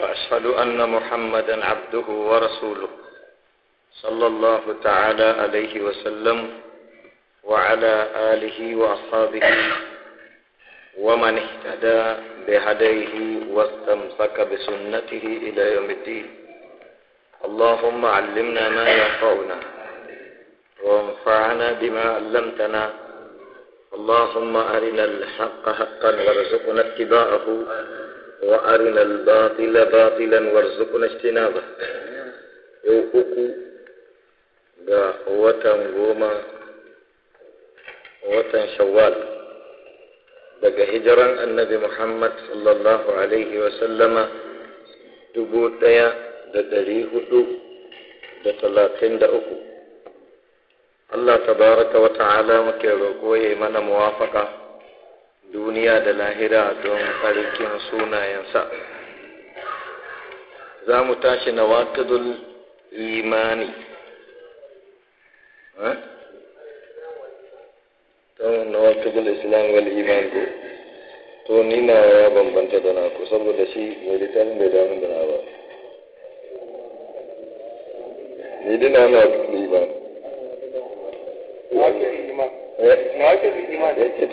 وأشهد أن محمدا عبده ورسوله صلى الله تعالى عليه وسلم وعلى آله وأصحابه ومن اهتدى بهديه واستمسك بسنته إلى يوم الدين اللهم علمنا ما ينفعنا وانفعنا بما علمتنا اللهم أرنا الحق حقا وارزقنا اتباعه وأرنا الباطل باطلا وارزقنا اجتنابه yau uku ga watan goma watan shawwal daga hijiran annabi muhammad sallallahu alaihi wasallama dubu ɗaya da dari hudu da talatin da uku allah Ta baraka wa ta'ala muke roƙo ya yi mana muwafaƙa. duniya da lahira don tsarkin sunayensa za mu tashi na waƙidul imani eh? na waƙidul islam wal imani ko to ni na ya bambanta da naku saboda shi mai littafin bai damu da na ba ni dina na waƙidul iman iman Eh, ya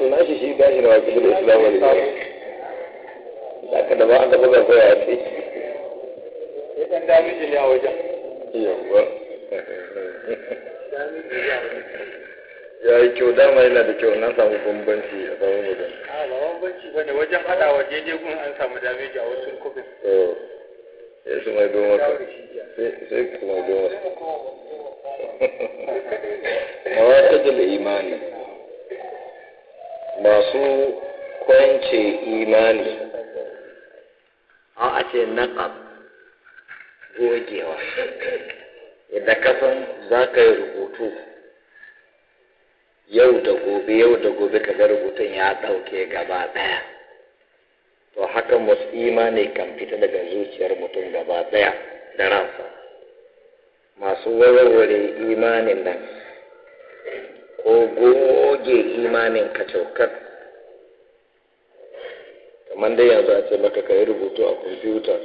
nashi shi da ba an buga koya ce ne a wajen samu a samu a wajen a sai su mai goma sai imani masu kwance imani a ce naƙa gogewa yadda kasan za ka yi rubutu yau da gobe yau da gobe ka ga rubutun ya ɗauke gaba ɗaya to hakan wasu imani kan fita daga zuciyar mutum gaba daya da ransa masu warware imanin nan ko goge imanin kacaukar kamar dai yanzu a ce maka ka yi rubutu a kwamfuta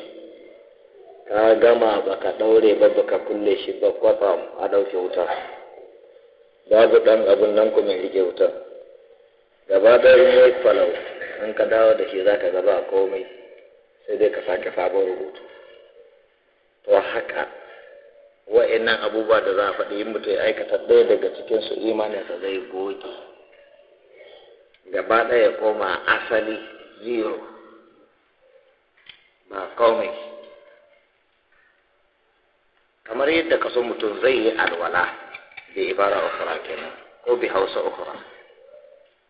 ka gama baka daure ba baka kulle shi ba kwatsam a ɗauke wuta babu ɗan abun nan kuma rike wuta gaba ɗaya ya yi falau in ka dawo da shi za ka a komai sai dai ka sake sabon rubutu to haka wa'annan abubuwa da za a faɗi yin mutum ya aikata ɗaya daga cikin su imaninsa zai goge gaba ɗaya koma asali zero ba komai kamar yadda kaso mutum zai yi alwala bi ibara ukura kenan ko bi hausa ukura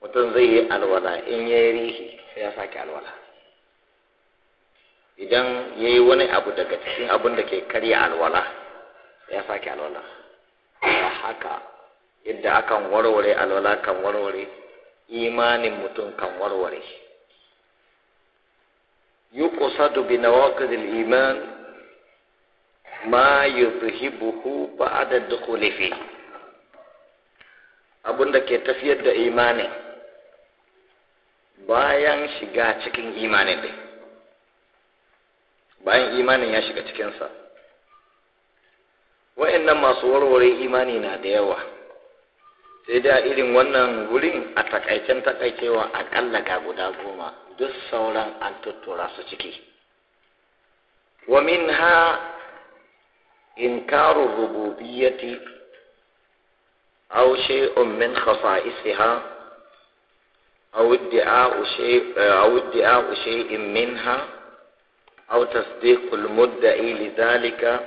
mutum zai yi alwala in ya yi rihi sai ya sake alwala idan ya yi wani abu daga cikin abin da ke karya alwala sai ya sake alwala a haka yadda akan warware alwala kan warware imanin mutum kan warware yuqsadu bi nawaqid al-iman ma yuzhibuhu ba'da dukhuli fi abunda ke tafiyar da imanin. bayan shiga cikin imanin din bayan imanin ya shiga cikinsa wa'annan masu warware imani na da yawa sai da irin wannan wurin a takaicen takaicewa aƙalla ga guda goma duk sauran an tuttura su ciki wa minha inkaru rububiyyati aw shay'un min khasa'isiha أو ادعاء شيء أو ادعاء شيء منها أو تصديق المدعي لذلك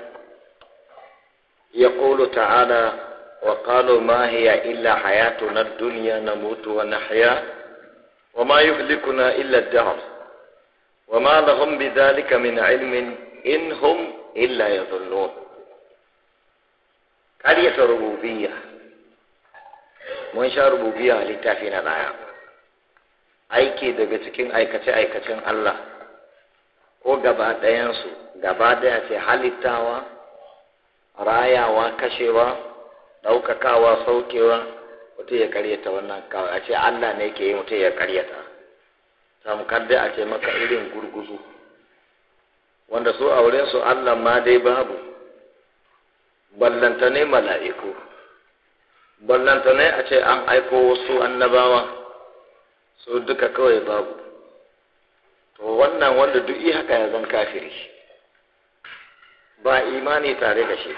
يقول تعالى وقالوا ما هي إلا حياتنا الدنيا نموت ونحيا وما يهلكنا إلا الدهر وما لهم بذلك من علم إن هم إلا يظنون كارية ربوبية mun شاء rububiya littafi na aiki daga cikin aikace-aikacen Allah ko gaba ɗayansu gaba ɗaya ce halittawa rayawa kashewa ɗaukakawa saukewa mutum ya karyata wannan kawai a ce Allah ne ke yi mutum ya karyata tamkar dai a ce maka irin gurguzu wanda su su Allah ma dai babu ballanta ne mala'iku ballanta ne a ce an aiko wasu annabawa So duka kawai babu to wannan wanda duk yi haka ya zan kafiri ba imani tare da shi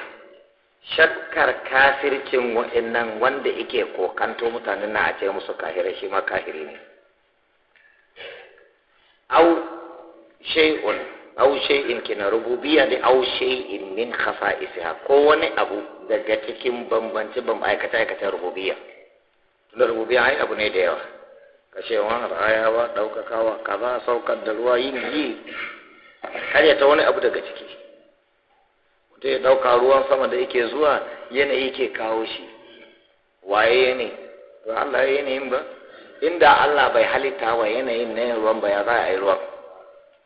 shakkar kafircin wa'annan wanda yake kokanto mutanen na a ce musu kahira shi ma kafiri ne au shay'un au shay'in kina rububiyya da au shay'in min khafa'isiha ko wani abu daga cikin bambance bambance aikata aikata rububiyya tunda rububiyya ai abu ne da yawa kashewa rayawa daukakawa a saukar da ruwa yin yi ta wani abu daga ciki mutum ya dauka ruwan sama da yake zuwa yanayi ke kawo shi waye ne ba Allah ya yanayin ba inda Allah bai halitta wa yanayin na ruwan ba ya za a yi ruwan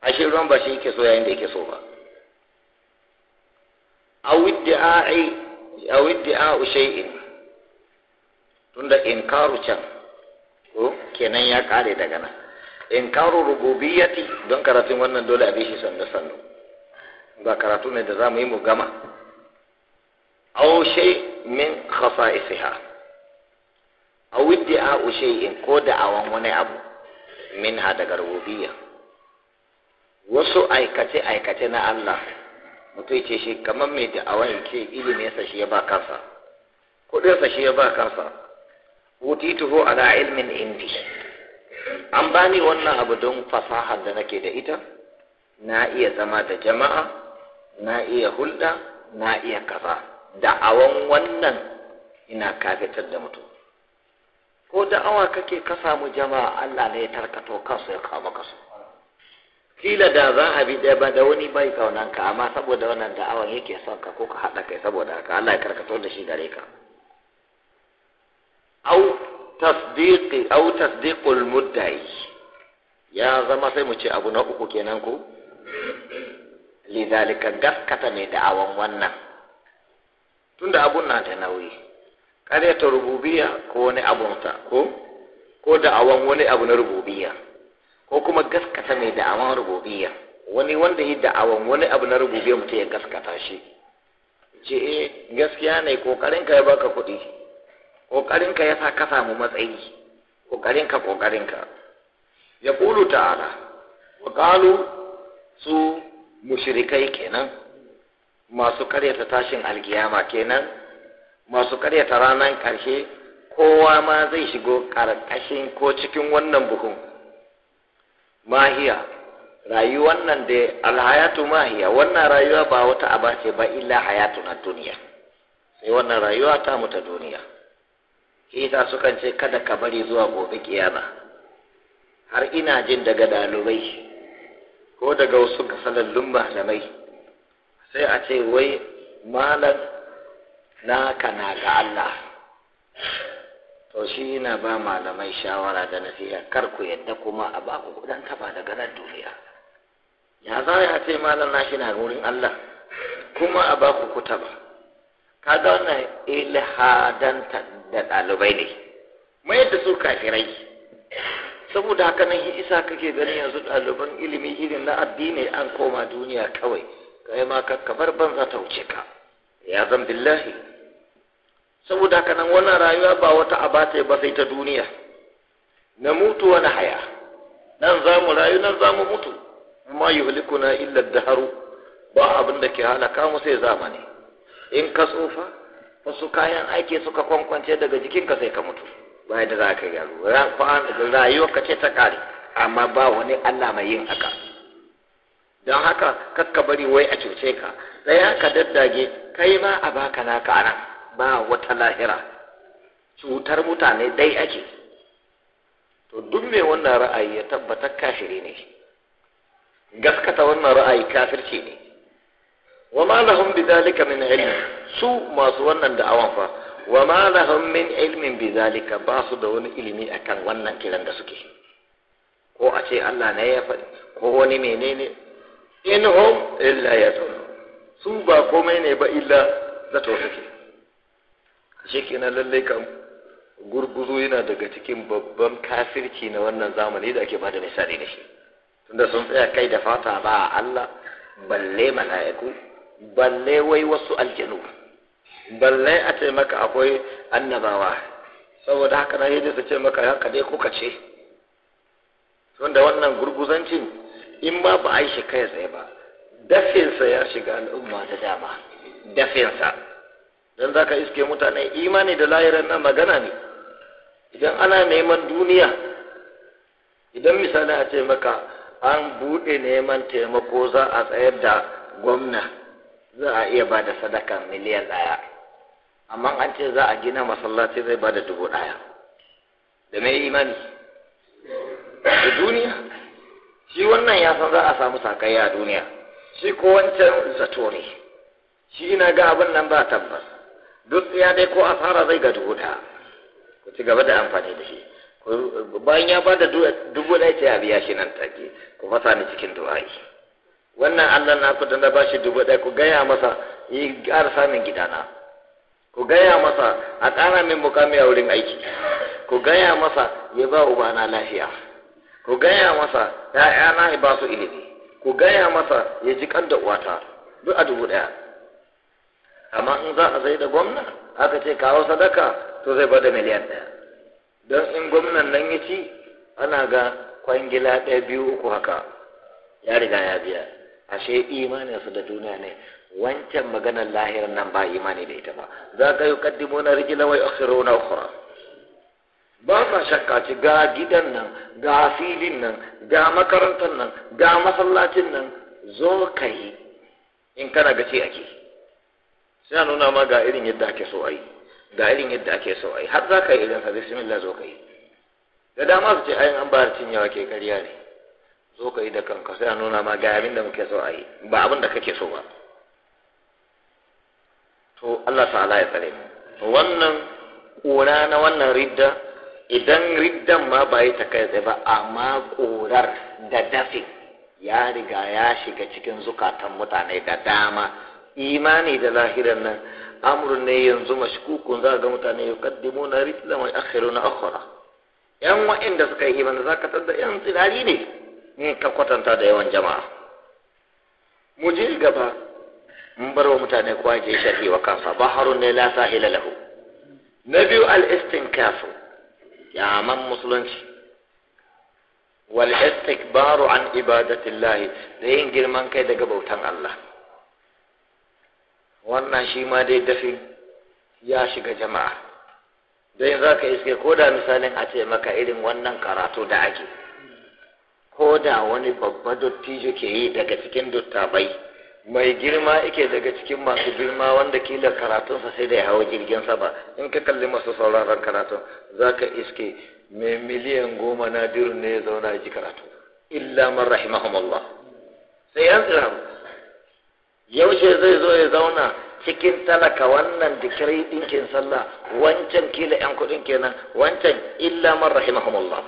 A shi ruwan ba shi yake so yayin da yake so ba A awidda'i awidda'i shay'in tunda inkaru can ko kenan ya kare daga nan In inkaru rububiyyati don karatun wannan dole a bishi sannu sannu ba karatu ne da za mu yi mu gama aw shay min khasa'isiha aw ushe shay'in ko da awan wani abu Min ha daga rububiyya wasu aikace aikace na Allah mutum ce shi kamar mai da'awan ke ilimin sa shi ya ba kansa kudin sa shi ya ba kansa wutituhu ala ilmin indi an bani wannan abu don fasahar da nake da ita na iya zama da jama'a na iya hulɗa na iya kaza da'awan wannan ina kafitar da mutum ko da'awa kake ka samu jama'a Allah ne ya tarkato kansu ya kawo maka su kila da za a bi ɗaya ba da wani bai kaunanka ka amma saboda wannan da'awan yake son ka ko ka haɗa kai saboda haka Allah ya karkato da shi gare ka au tasdiqi au tasdiqul muddai ya zama sai mu ce abu na uku kenan ko lidhalika gaskata mai da'awan wannan tunda abun nan da nauyi ta rububiya ko abun ta ko ko da'awan wani abu na rububiya ko kuma gaskata mai da'awan rububiya wani wanda yi da'awan wani abu na rububiya mutum ya gaskata shi ce eh, gaskiya ne kokarin ka ya baka kuɗi ƙoƙarinka ya sa ka samu matsayi ƙoƙarinka ƙoƙarinka ya ƙulu ta'ala wa ƙalu su mushrikai kenan masu karyata tashin alkiyama kenan masu karyata ranar ƙarshe kowa ma zai shigo ƙarƙashin ko cikin wannan buhun mahiya rayuwan nan da alhayatu mahiya wannan rayuwa ba wata aba ce ba illa hayatu na duniya sai wannan rayuwa ta mu ta duniya Isa sukan ce kada ka bari zuwa gobe kiyama har ina jin daga dalibai ko daga wasu kasalallun malamai sai a ce wai malam naka na ga Allah to shi yana ba malamai shawara da nasiha kar ku yadda kuma a ba ku kudan taba daga nan duniya ya za ya ce malam na shi na wurin Allah kuma a ba ku kuta ba kaga wannan ilhadantar da ɗalibai ne mai da su kafirai saboda haka nan isa kake ganin yanzu ɗaliban ilimi irin na addini an koma duniya kawai kai ma ka bar banza ta wuce ka ya zan billahi saboda haka nan wannan rayuwa ba wata abata ba sai ta duniya na mutu wani haya nan za mu rayu nan za mu mutu ma yuhlikuna illa daharu ba abin da ke halaka mu sai zamani in ka tsufa wasu kayan aiki suka kwankwance daga jikinka sai ka mutu ba da za ka yi rayuwa ka ce ta kare amma ba wani Allah mai yin haka don haka kakka bari wai a cuce ka tsaya ka daddage kai ma a baka naka anan ba wata lahira cutar mutane dai ake to duk mai wannan ra'ayi ya tabbatar kafiri ne gaskata wannan ra'ayi kafirci ne wa ma lahum bidhalika min ilm su masu wannan da'awan fa wa ma lahum min ilmin bidhalika ba su da wani ilimi akan wannan kiran da suke ko a ce Allah ne ya faɗi ko wani menene in hum illa yazun su ba komai ne ba illa zato suke shi kenan lallai kam gurguzo yana daga cikin babban kafirci na wannan zamani da ake bada misali da shi tunda sun tsaya kai da fata ba Allah balle mala'iku balle wai wasu aljanu balle a ce maka akwai annabawa saboda haka na yi ce maka haka dai kuka ce wanda wannan gurguzancin in ma ba a yi shi kai tsaye ba dafinsa ya shiga al'umma da dama dafinsa don za ka iske mutane imani da layiran na magana ne idan ana neman duniya idan misali a ce maka an buɗe neman taimako za a tsayar da gwamna za a iya ba da sadaka miliyan ɗaya amma an ce za a gina masallaci zai ba da dubu ɗaya da mai imani da duniya shi wannan ya san za a samu sakayya a duniya shi ko wancan zato ne shi na ga abin nan ba tabbas duk ya dai ko asara zai ga dubu ɗaya ku ci gaba da amfani da shi bayan ya ba da dubu ɗaya ce a biya shi nan take ku fasa ni cikin du'a'i wannan Allah na kudin da shi dubu ɗaya ku gaya masa yi ƙara samun gidana ku gaya masa a ƙara min mukami a wurin aiki ku gaya masa ya ba ubana lafiya ku gaya masa ‘ya'yana ya ba su ilimi ku gaya masa ya ji kan da uwata duk a dubu ɗaya amma in za a zai da gwamna aka ce kawo sadaka to zai bada miliyan ɗaya don in gwamnan nan ya ci ana ga kwangila ɗaya biyu uku haka ya riga ya biya ashe imaninsu da duniya ne wancan maganar lahiran nan ba imani da ita ba za ka yi kaddimu na rigila wai akhiro na ukura ba sa shakka ci ga gidan nan ga filin nan ga makarantar nan ga masallacin nan zo ka yi in kana ga ce ake sai nuna ma ga irin yadda ake so ai ga irin yadda ake so ai har za ka yi irin sa bismillah zo ka yi da dama su ce ayin an ba cin yawa ke karya ne zo ka yi da kanka sai a nuna ma ga abin da muke so a yi ba abin da kake so ba to Allah ta'ala ya tsare mu wannan ƙura na wannan ridda idan riddan ma ba yi ta kai tsaye ba amma ƙurar da dafi ya riga ya shiga cikin zukatan mutane da dama imani da lahirar nan amurin ne yanzu mashkukun za ga mutane ya kaddimu na ritla mai akhiru na akhara yan wa'inda suka yi imani za ka da yan tsirari ne in eh, ka kwatanta da yawan jama'a mu je gaba mun bar wa mutane kowa ke sharhi wa kansa harun ne la sahila lahu na biyu al ya yaman musulunci wal istikbaru an ibadatillahi da yin girman kai daga bautan Allah wannan shi ma dai dafin ya shiga jama'a don za ka iske ko da misalin a ce maka irin wannan karatu da ake ko da wani babba dottijo ke yi daga cikin dottabai mai girma yake daga cikin masu girma wanda kila karatunsa sai da ya hawa jirgin sama in ka kalli masu sauraron karatun za ka iske mai miliyan goma na dirin ne ya zauna ya ji karatu illa man rahimahumallah sai yan tsira yaushe zai zo ya zauna cikin talaka wannan dikirai ɗinkin sallah wancan kila yan kuɗin kenan wancan illa man rahimahumallah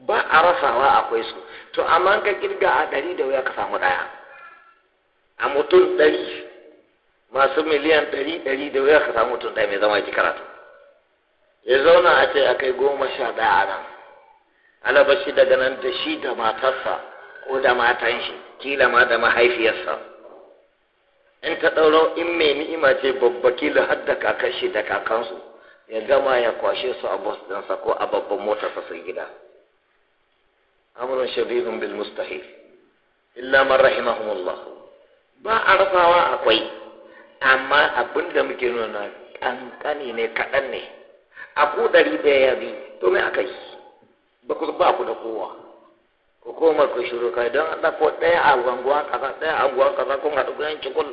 ba a rasawa akwai su to amma ka kirga a ɗari da wuya ka samu ɗaya a mutum ɗari masu miliyan ɗari ɗari da wuya ka samu mutum ɗaya mai zama ki karatu ya zauna a ce akai goma sha ɗaya a nan alabashi daga nan da shi da matarsa ko da matan shi kila ma da mahaifiyarsa in ta ɗauro in mai ni'ima ce babba kila har da kakashi da kakansu ya gama ya kwashe su a bus ɗinsa ko a babban motarsa sun gida amrun shabihun bil mustahil illa man Allah. ba a akwai amma abin da muke nuna kankani ne kaɗan ne a ku ɗari ɗaya ya bi to me aka yi ba ku ba ku da kowa ku koma ku shiru kai don a ɗauko ɗaya a anguwa kaza ɗaya a anguwa kaza kuma haɗu ɗayan cikul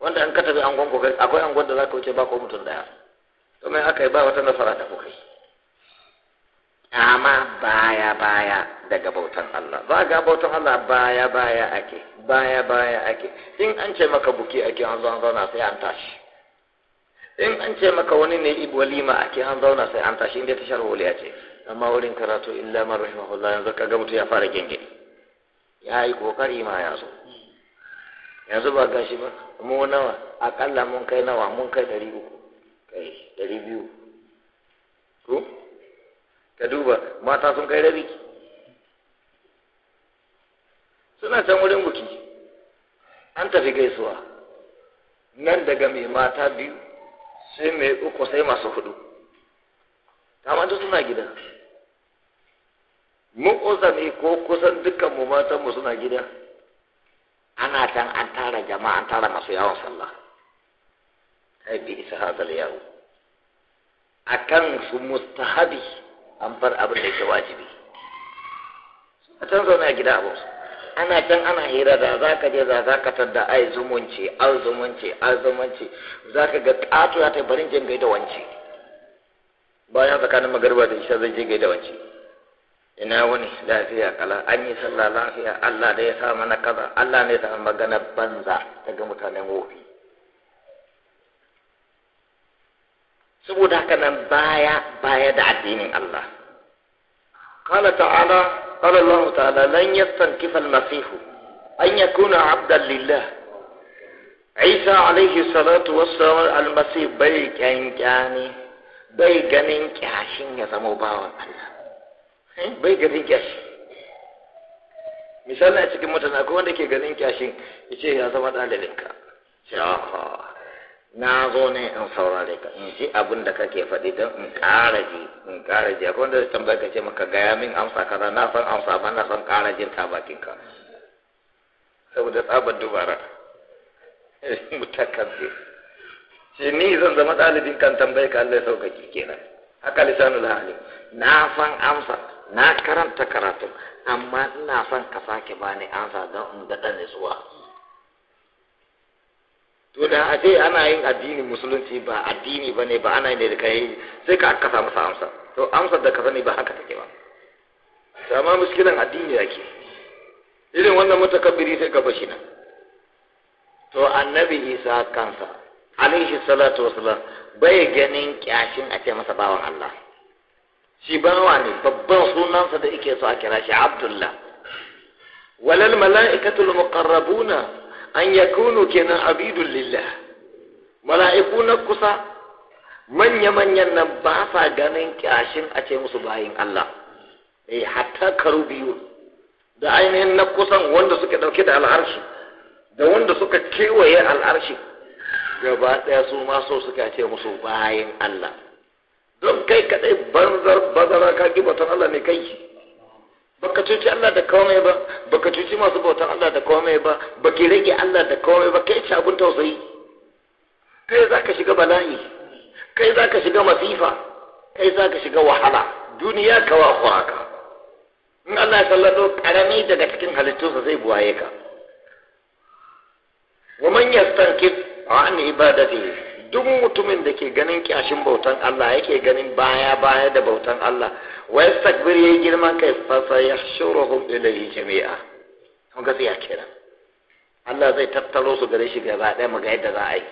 wanda an ka tafi angon ku akwai angon da za ka wuce ba ko mutum ɗaya to me aka yi ba wata nasara da kuka kai. amma baya baya daga bautan Allah za ga bautan Allah baya baya ake baya baya ake in an ce maka buki ake an zo an zauna sai an tashi in an ce maka wani ne walima ake an zauna sai an tashi inda ta sharholiya ce amma wurin karatu illa man rahimahullah yanzu ka ga mutum ya fara genge ya yi kokari ma ya zo yanzu ba gashi ba mu nawa akalla mun kai nawa mun kai dari uku kai dari biyu ko ka duba mata sun kai rabi suna can wurin buki an tafi gaisuwa nan daga mai mata biyu sai mai uku sai masu hudu ta duk suna gida kusa ne ko kusan dukkan mu matan mu suna gida ana can an tara jama'a an tara masu yawon sallah kai bi isa hazal yawo akan su mustahabi an far abin da ke wajibi a can zaune a gida abu ana can ana hira da za ka je za ka tadda ai zumunci al zumunci al zumunci za ka ga ƙato ya ta barin jin gaida wance bayan tsakanin magarba da isa zai je gaida wance ina wani lafiya kala an yi sallah lafiya Allah da ya sa mana kaza Allah ne ya sa magana banza daga mutanen wofi saboda haka nan baya baya da addinin Allah qala ta'ala qala Allah ta'ala lan yastankifa al-masih an yakuna 'abdan lillah Isa alaihi salatu wassalam al-masih bai kyankyani bai ganin kyashin ya zama bawan Allah eh, bai ganin kyashi misali a cikin mutane akwai wanda ke ganin kyashin yace ya zama dalilinka sha'a na zo ne in saurare ka in ji abin da kake faɗi don in ƙara ji in ƙara ji akwai wanda zai ka ce maka gaya min amsa kaza na san amsa ba na san ƙara jin ka bakin ka saboda tsabar dubara mutakabbi shi ni zan zama ɗalibin kan tambaye ka Allah ya sauƙaƙe kenan haka lisanul hali na san amsa na karanta karatu amma ina son ka sake bani amsa don in daɗa nutsuwa. to da a ce ana yin addini musulunci ba addini ba ne ba ana yin da kai sai ka kasa masa amsa to amsar da ka sani ba haka take ba amma muskilan addini yake irin wannan mutakabbiri sai ka bashi nan to annabi isa kansa alaihi salatu wasalam bai ganin kyashin a ce masa bawan Allah shi bawa ne babban sunansa da yake so a kira shi abdullah walal mala'ikatul muqarrabuna an yakunu kenan abidun lillah mala'iku na kusa manya-manyan nan ba sa ganin kyashin a ce musu bayin Allah eh hatta karu biyu da ainihin na kusan wanda suka dauke da al'arshi da wanda suka kewaye al'arshi gaba ɗaya su ma so suka ce musu bayin Allah don kai kadai banzar bazara ka gibatan Allah ne kai baka cuci Allah da komai ba baka cuci masu bautan Allah da komai ba baka rage Allah da komai ba kai ci tausayi kai za ka shiga bala'i kai za ka shiga masifa kai za ka shiga wahala duniya ka wa haka in Allah ya sallado karami daga cikin sa zai buwaye ka wa man yastankif an ibadati duk mutumin da ke ganin kyashin bautan Allah yake ganin baya baya da bautan Allah Wai wa yastakbir yayi girman kai fa sayahshuruhum ilayhi jami'a kun ga ya kenan Allah zai tattaro su gare shi gaba ɗaya mu ga yadda za a yi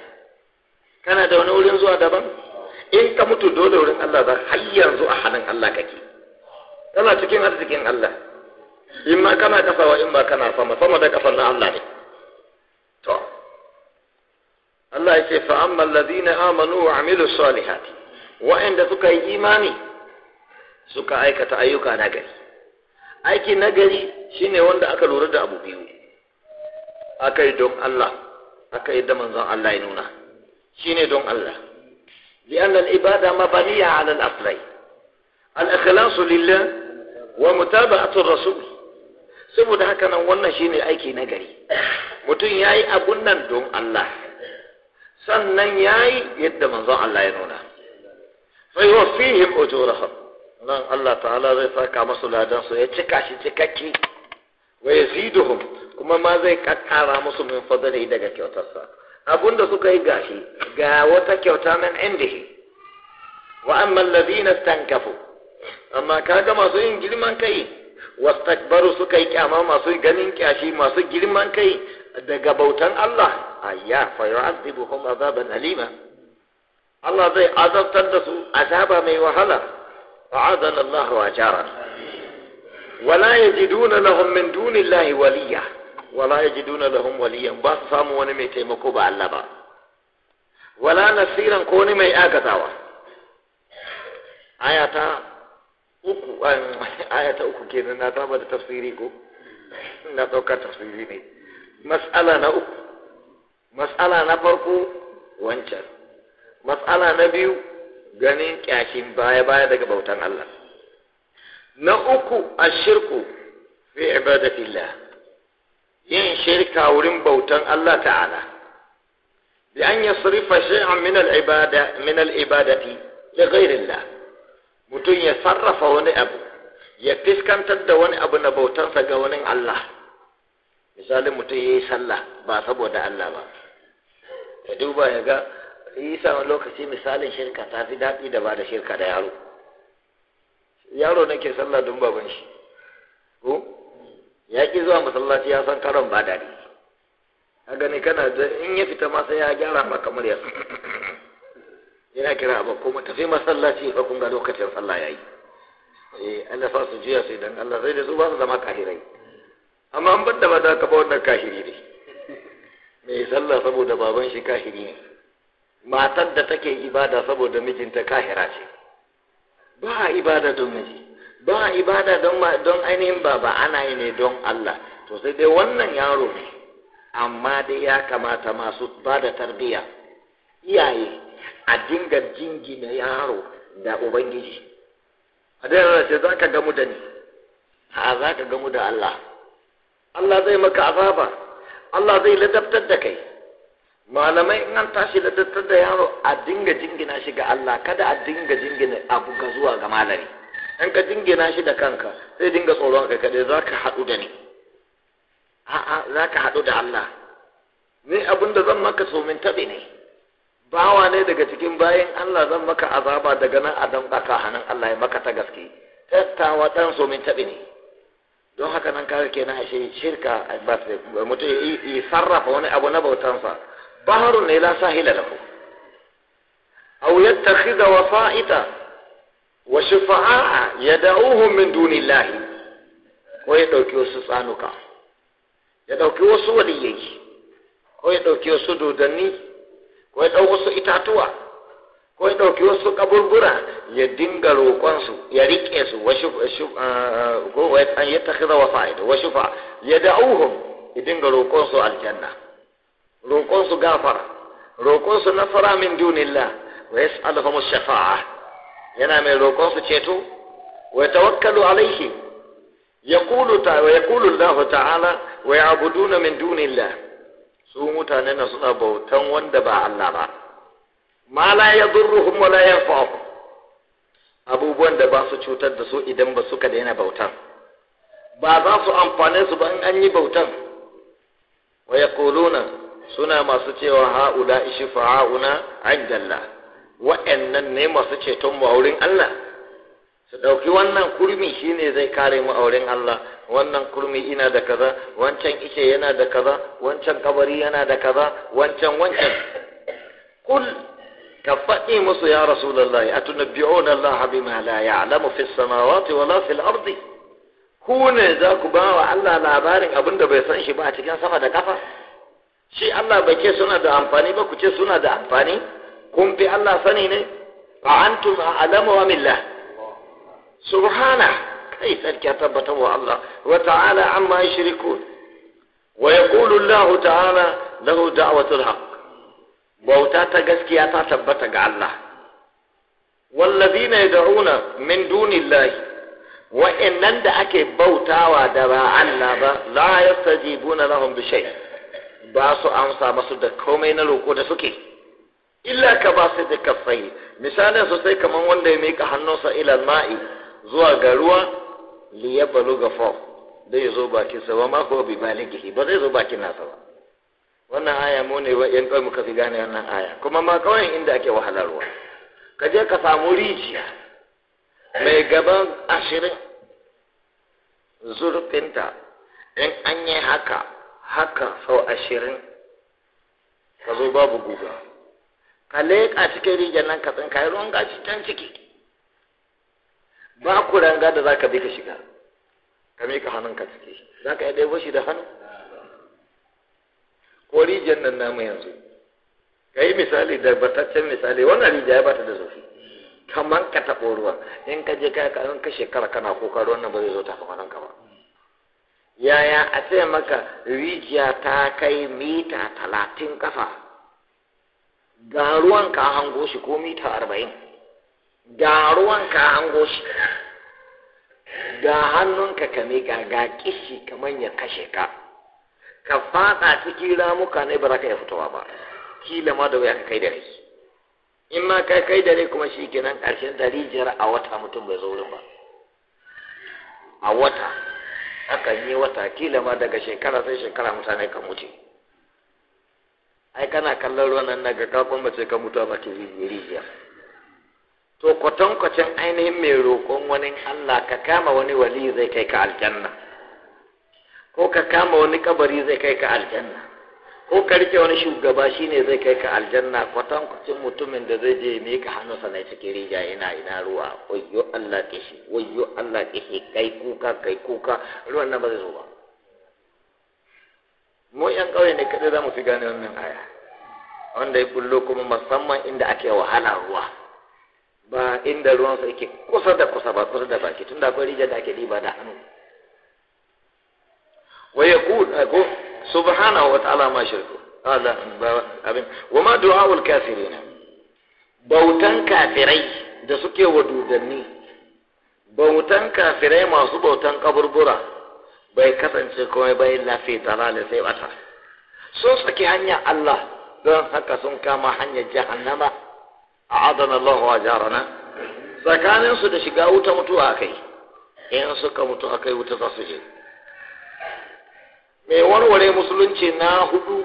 kana da wani wurin zuwa daban in ka mutu dole wurin Allah za har yanzu a hannun Allah kake kana cikin arzikin Allah in ma kana kasa wa in ma kana sama sama da kafan na Allah ne to Allah ya ce fa amma alladhina amanu wa amilus salihati wa'anda suka yi imani suka aikata ayyuka na gari aiki na gari shine wanda aka lura da abu biyu aka yi don Allah aka yi da manzon Allah ya nuna shine don Allah لأن العبادة مبنية على الأصلين الإخلاص لله ومتابعة الرسول saboda haka nan wannan shine aiki na gari mutum ya yi abun nan don Allah sannan ya yi yadda manzon Allah ya nuna fa yuwaffihim ujurahum nan Allah ta'ala zai saka masu ladan su ya cika shi cikakke wa yaziduhum kuma ma zai kakkara musu min fadli daga kyautarsa abunda suka yi gashi ga wata kyauta nan indihi wa amma alladhina tankafu amma kaga masu yin girman kai wastakbaru suka yi kyama masu ganin kyashi masu girman kai daga bautan Allah ayya fa yu'adhibuhum azaban alima Allah zai azabtar da su azaba mai wahala a'adana Allah wa jara wala yajiduna lahum min dunillahi waliya wala yajiduna lahum ba su samu wani mai taimako ba Allah ba wala nasiran ko wani mai agazawa ayata uku ayata uku kenan na taba da tafsiri ko na ɗaukar tafsiri ne mas'ala na uku mas'ala na farko wancan mas'ala na biyu ganin kyashin baya baya daga bautan Allah na uku ashirku fi ibadatillah yin shirka wurin bautan Allah ta'ala bi an yasrifa shay'an min al-ibada min al-ibadati li mutum ya sarrafa wani abu ya fiskantar da wani abu na bautansa ga wani Allah misali mutum ya yi sallah ba saboda Allah ba ya duba ya ga yi samun lokaci misalin shirka ta fi daɗi da ba da shirka da yaro yaro na ke sallah don baban shi ko ya ƙi zuwa masallaci ya san karon ba daɗi a gani kana da in ya fita ma sai ya gyara ma kamar ya yana kira ba kuma tafi masallaci fa kun ga lokacin sallah yayi eh Allah fa su jiya sai dan Allah sai da su ba su zama kahirai amma an banda ba za ka ba wannan kahiri ne mai sallah saboda baban shi kahiri ne matar da take ibada saboda mijinta kahira ce ba a ibada don miji ba a ibada don ainihin baba ana yi ne don Allah to sai dai wannan yaro ne amma dai ya kamata masu ba da tarbiyya iyaye a dinga jingina yaro da ubangiji a da ce za ka gamu da ni a za ka gamu da Allah Allah zai maka azaba Allah zai ladabtar da kai malamai in an tashi da dattar da yaro a dinga jingina shi ga Allah kada a dinga jingina abu ga zuwa ga malami in ka jingina shi da kanka sai dinga tsoron kai kadai za ka haɗu da ni a'a za ka haɗu da Allah ni abin da zan maka somin taɓe ne bawa ne daga cikin bayan Allah zan maka azaba daga nan a dan baka hannun Allah ya maka ta gaske tattawa ɗan somin taɓe ne don haka nan kaga kenan a shirka mutum ya sarrafa wani abu na bautansa baharun ne ساحل له lahu يتخذ yattakhidha وشفعاء wa من دون min dunillahi ko ya dauki wasu tsanuka ya dauki wasu ko ya dauki wasu dodanni ya dauki wasu itatuwa ya ɗauki wasu kaburbura ya dinga roƙonsu ya riƙe su ko ya tafi zawa fa'ida wasu fa ya da'uhum ya dinga roƙonsu aljanna roƙonsu su gafar roƙon na fara min dunillah wa yas'aluhum shafa'a yana mai roƙonsu ceto wa tawakkalu alaihi kulu ta wa yaqulu Allah ta'ala wa na min duniya. su mutane na suna bautan wanda ba Allah ba ma la yadurruhum wa la abubuwan da ba su cutar da su idan ba suka daina bautan ba za su amfane su ba in an yi bautan wa yaquluna suna masu cewa ha'ula ishi fa'a'una anjalla wa'annan ne masu ceton mu auren Allah su ɗauki wannan kurmi shine zai kare mu auren Allah wannan kurmi ina da kaza wancan ice yana da kaza wancan kabari yana da kaza wancan wancan kul ka faɗi musu ya rasulullahi atunabbi'una Allah bima la ya'lamu fi samawati wala fil ardi ku ne za ku ba wa Allah labarin abinda da bai san shi ba a cikin sama da kafa shi Allah bai ce suna da amfani ba ku ce suna da amfani kun fi Allah sani ne a antum a'lamu wa millah subhana kai sarki tabbata wa Allah wa ta'ala amma yushrikun wa yaqulu Allah ta'ala lahu da'watul haq bauta ta gaskiya ta tabbata ga Allah wallazina yad'una min duni dunillahi wa'annan da ake bautawa da ba Allah ba la yastajibuna lahum bi shay'in ba su amsa masu da komai na roƙo da suke illa ka ba su da kafai misalin su sai kaman wanda ya mika hannunsa ilal ma'i zuwa ga ruwa li ya balu ga fa da ya zo bakin sa ba ma ko bi balighi ba zai zo bakin nasa ba wannan aya mu ne wa yan kauye muka fi gane wannan aya kuma ma kawai inda ake wahalarwa ka je ka samu rijiya mai gaban ashirin zurfinta in an yi haka haka sau ashirin ka zo babu guga ka leƙa cikin rigar nan ka tsinka yi ruwan gashi can ciki ba ku ranga da za ka bi ka shiga ka miƙa hannunka ciki za ka iya ɗaya shi da hannu ko rijiyar nan namu yanzu ka yi misali da bataccen misali wannan rijiya ya bata da zurfi kamar ka taɓo ruwa in ka je ka ka shekara kana kuka ruwan nan ba zai zo tafi ka ba yaya a ce maka rijiya ta kai mita talatin kafa ga ruwan ka hango shi ko mita arba'in ga ruwan ka hango shi ga hannunka ka miƙa ga kishi kamar ya kashe ka ka fada cikin ramuka ne ba za ka iya fitowa ba kila ma da wuya ka kai da rai in ma ka kai da rai kuma shi kenan ƙarshen da rijiyar a wata mutum bai zo wurin ba a wata akan yi wata kila ma daga shekara sai shekara mutane kan mutu ai kana kallon ruwan nan daga kafin mace ka mutu a bakin rijiya to kwacin ainihin mai roƙon wani Allah ka kama wani wali zai kai ka aljanna ko ka kama wani kabari zai kai ka aljanna ko ka rike wani shugaba shine zai kai ka aljanna kwatankwacin mutumin da zai je ne ka hannunsa na cikin rija yana ina ruwa wayyo Allah ke shi wayyo Allah ke shi kai kuka kai kuka ruwan nan ba zai zo ba mu yan ƙauye ne kadai za mu fi gane wannan aya wanda ya kullo kuma musamman inda ake wahala ruwa ba inda ruwan sa yake kusa da kusa ba kusa da baki tunda akwai rija da ake diba da hannu wayyo yaqul subhanahu wa ta'ala ma shirku hada abin wa ma du'aul kafirin bautan kafirai da suke wa dudanni bautan kafirai masu bautan kaburbura bai kasance komai bai lafi tara da sai wata sun saki hanya Allah don haka sun kama hanyar jahannama a adana Allah wa jarana tsakaninsu da shiga wuta mutuwa kai in suka mutu kai wuta za su je mai warware musulunci na hudu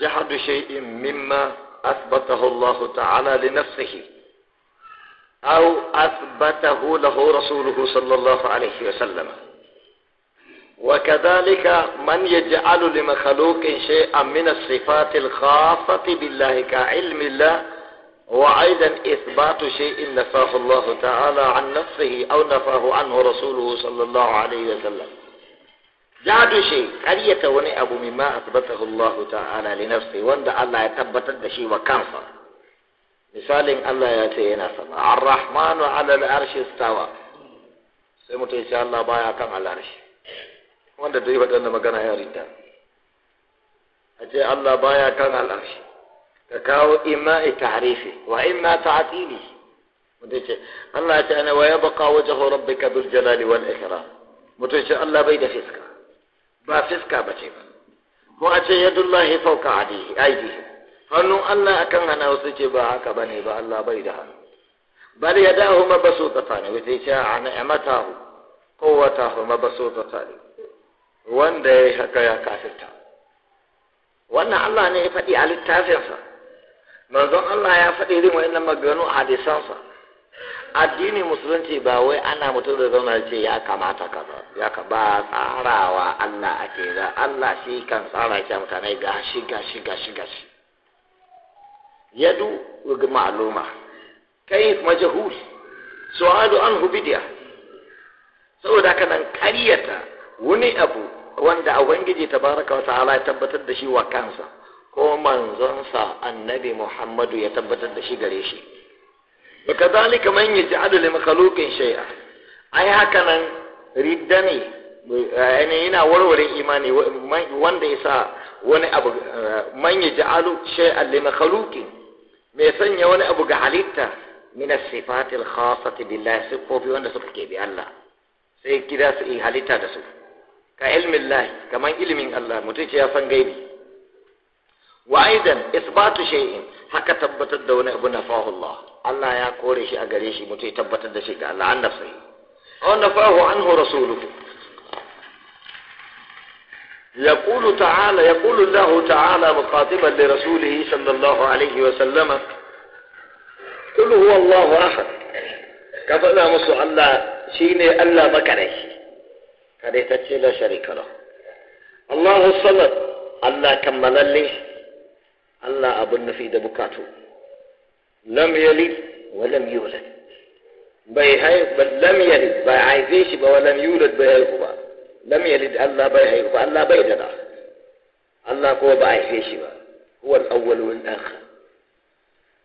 jahadu shay'in mimma asbatahu Allah ta'ala li nafsihi aw asbatahu lahu rasuluhu sallallahu alaihi wa sallam wa kadhalika man yaj'alu وكذلك من يجعل لمخلوق شيئا من الصفات الخاصة بالله كعلم الله وأيضا إثبات شيء نفاه الله تعالى عن نفسه أو نفاه عنه رسوله صلى الله عليه وسلم jadu shi karyata wani abu mimma asbatahu Allah ta'ala li nafsi wanda Allah ya tabbatar da shi wa kansa misalin Allah ya ce yana sama ar-rahmanu 'ala al-arshi stawa sai mutum ya Allah baya kan al-arshi wanda dai wadannan magana ya rita a ce Allah baya kan al-arshi ka kawo imma ta'rifi wa imma ta'tili mutum ce Allah ya ce ana wa yabqa wajhu rabbika bil jalali wal ikram mutum ce Allah bai da fiska ba fiska ba ce ba ko a ce yadullahi fauka aiki hannun Allah a kan hana wasu ce ba haka ba ne ba Allah bai da hannu Bari ya yadahu hu wa ta sha'a ni'matahu quwwatahu mabsutatani wanda yi haka ya kafirta wannan Allah ne ya faɗi a littafinsa manzon Allah ya faɗi irin wa'annan maganganu a hadisansa addini musulunci ba wai ana mutum da zauna ce ya kamata ba ya ka ba tsarawa Allah ake za Allah shi kan tsara shi mutane gashi gashi gashi gashi yadu ga ma'aluma kai majahul su'alu an bid'a saboda haka nan karyata wani abu wanda ubangiji tabaraka wa ta'ala ya tabbatar da shi wa kansa ko manzonsa annabi Muhammadu ya tabbatar da shi gare shi wa kadhalika man yaj'alu li makhluqin shay'a ai haka nan ridda ne yana warware imani wanda ya sa wani abu man yaj'alu shay'an li makhluqin me sanya wani abu ga halitta min as-sifati al-khassati billahi sifofi wanda suka ke bi Allah sai kira su yi halitta da su ka ilmin lahi kaman ilimin Allah mutum ce ya san gaibi wa aidan isbatu shay'in haka tabbatar da wani abu na fahu Allah Allah ya kore shi a gare shi mutum ya tabbatar da shi ga Allah annab sai wanda fahu anhu rasuluhu yaqulu ta'ala yaqulu Allah ta'ala muqatiban li rasulihi sallallahu alaihi wa sallam qul huwa Allah ahad musu Allah shine Allah makarai kada ta ce la sharika lahu Allahu samad Allah kammalalle Allah abun nafi da bukatu لم يلد ولم يولد بيهاي بل لم يلد بيعايزيش بي ولم يولد بيهاي خبا لم يلد الله بيهاي خبا الله بيدنا الله هو بيعايزيش بي هو الأول والآخر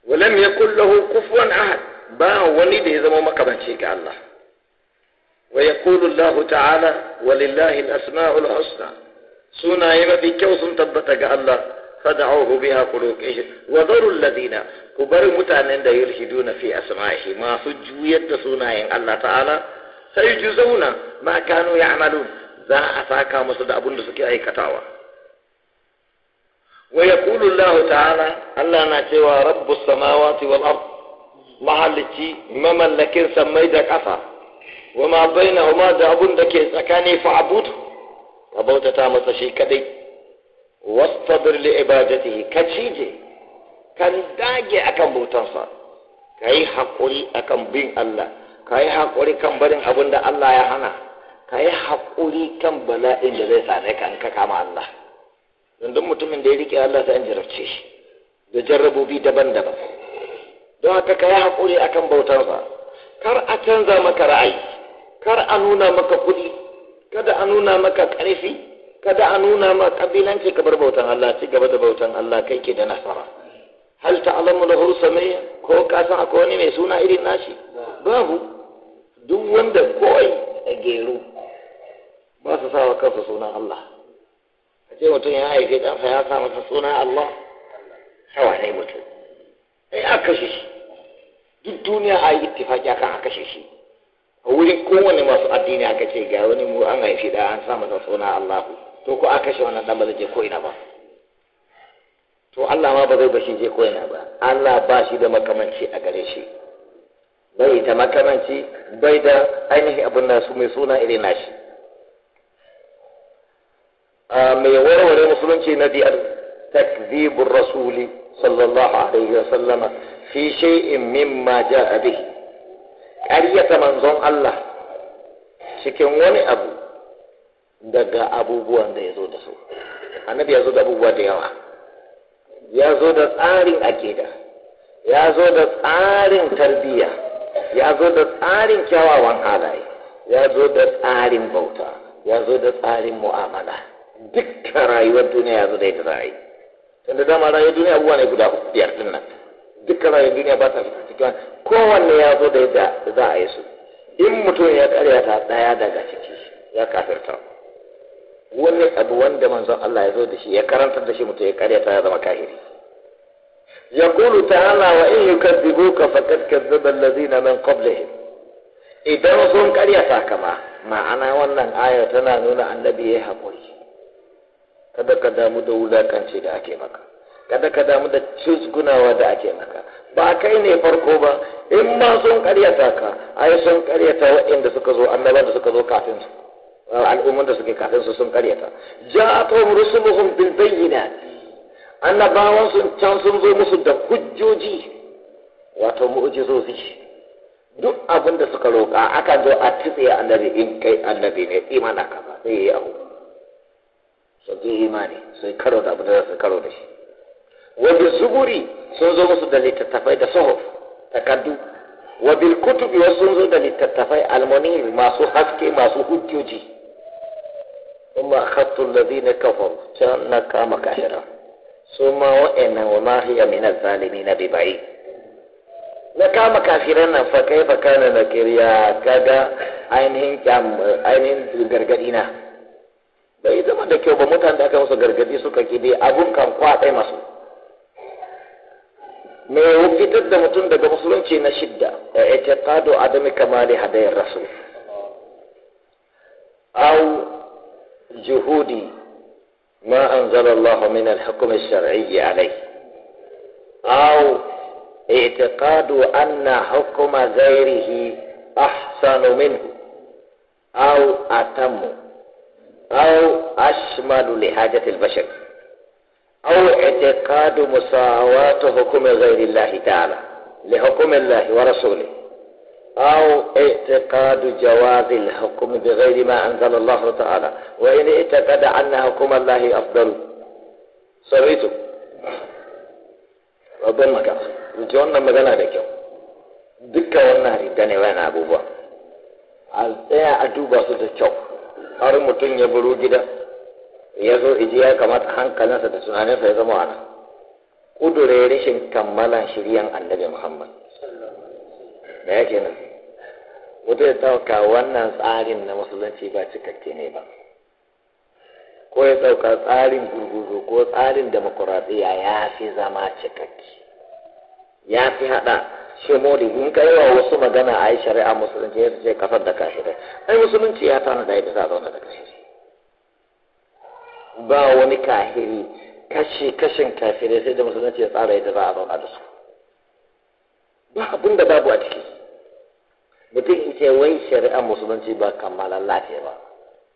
ولم يقل له كفوا أحد با ونده إذا ما شيك الله ويقول الله تعالى ولله الأسماء الحسنى سنايم في كوسن تبتك الله Ka daga uku biya kulofin kishin, wazarurra zina, ku bari mutanen da yanki juna fiye a sama'a. Masu juyar da sunayen Allah Ta'ala. Sai juzauna, muka kanu ya caman yun. Za'a saka masu da'bin da suke aikatawa. Waya ku Lillahu Ta'ala. Allah na cewa wa rabbu samawatu wal'adu, muhallici, mamallakin, samai da kafa Wa ma abaina da abun da ke tsakanin fa'a buda. Babanta ta masa shi kadai. wastabir li ibadatihi ka cije kan dage akan bautansa ka yi haƙuri kan bin Allah ka yi haƙuri kan barin abin da Allah ya hana ka yi haƙuri kan bala'in da zai same kan ka kama Allah don mutumin da ya riƙe Allah sai an jarabci, da jarrabobi daban-daban don haka ka yi haƙuri akan bautansa kar a canza maka ra'ayi kar a nuna maka kuɗi kada a nuna maka ƙarfi kada a nuna ma kabilanci ka bar bautan Allah ci gaba da bautan Allah kai ke da nasara hal ta'lamu lahu samiy ko ka san akwai wani mai suna irin nashi babu duk wanda koi a gero ba su sawa kansa sunan Allah a ce mutum ya haife fa ya sa masa sunan Allah hawa ne mutum ai a kashe shi duk duniya a yi ittifaki akan a kashe shi a wurin kowane masu addini aka ce ga wani mu an haifi da an sa masa sunan Allahu to ko a kashe wannan dan ba zai je ko'ina ba to Allah ma ba zai bashi je ko'ina ba Allah ba shi da makamanci a gare shi bai da makamanci bai da ainihin abin da su mai suna irin nashi mai warware musulunci na biyar takzibur rasuli sallallahu alaihi wa sallama fi shay'in mimma ja'a bihi ƙaryata manzon Allah cikin wani abu daga abubuwan da ya zo da su annabi ya zo da abubuwa da yawa ya zo da tsarin akida ya zo da tsarin tarbiyya ya zo da tsarin kyawawan halaye ya zo da tsarin bauta ya zo da tsarin mu'amala dukkan rayuwar duniya ya zo da ita za a yi tunda dama rayuwar duniya abubuwa ne guda uku biyar din nan dukkan rayuwar duniya ba ta fita cikin kowanne ya zo da yadda za a yi su in mutum ya karyata ɗaya daga ciki ya kafirta wani abu wanda manzon Allah ya zo da shi ya karanta da shi mutum ya karyata ya zama kahiri يقول تعالى وإن يكذبوك فقد كذب الذين من قبلهم idan sun karyata kama ma'ana wannan aya tana nuna annabi ya haƙuri kada ka damu da wulakanci da ake maka kada ka damu da cizgunawa da ake maka ba kai ne farko ba in ma sun karyata ka ai sun karyata waɗanda suka zo annaban da suka zo kafin su al'ummar da suke kafin su sun karyata Ja ja'atuhum rusuluhum bil bayyinat annabawan sun can sun zo musu da hujjoji wato mu'jizozi duk abin da suka roƙa aka zo a tutse annabi in kai annabi ne imana ka ba sai yi abu su ji imani sai karo da abin da su karo da shi wanda zuburi sun zo musu da littattafai da sahuf takardu. wa bil kutubi sun zo da littattafai almunir masu haske masu hujjoji ثم أخذت الذين كفروا كان كام كهرة ثم ma وما هي من الظالمين ببعيد na kama kafiran na fa kai fa kana na kiriya kaga ainihin kyam ainihin gargadi na bai zama da kyau ba mutane da aka musu gargadi suka kide abun kan kwaɗai masu me fitar da mutum daga musulunci na shidda a itiqadu adami kamali hadayar rasul aw جهود ما أنزل الله من الحكم الشرعي عليه أو اعتقاد أن حكم غيره أحسن منه أو أتم أو أشمل لحاجة البشر أو اعتقاد مساواة حكم غير الله تعالى لحكم الله ورسوله أو اعتقاد جواز الحكم بغير ما أنزل الله تعالى وإن اعتقد أن حكم الله أفضل سويته rabin maka wuce magana da kyau dukkan wannan riga ne wani abubuwa a a duba su da kyau har mutum ya buru gida ya zo iji ya kamata hankalinsa da tunaninsa ya zama wana kudure rashin kammalan shiryan annabi muhammad da yake nan wata ya ɗauka wannan tsarin na musulunci ba cikakke ne ba ko ya ɗauka tsarin gurguzu ko tsarin demokuraɗiyya ya fi zama cikakke ya fi haɗa shimoli in ka yawa wasu magana a yi shari'a musulunci ya ce kafar da kashirai ai musulunci ya tana da yadda za a zauna da kashirai ba wani kahiri kashi kashin kafirai sai da musulunci ya tsara yadda za a zauna da su ba abin da babu a ciki mutum ce wai shari'ar musulunci ba kammala lafiya ba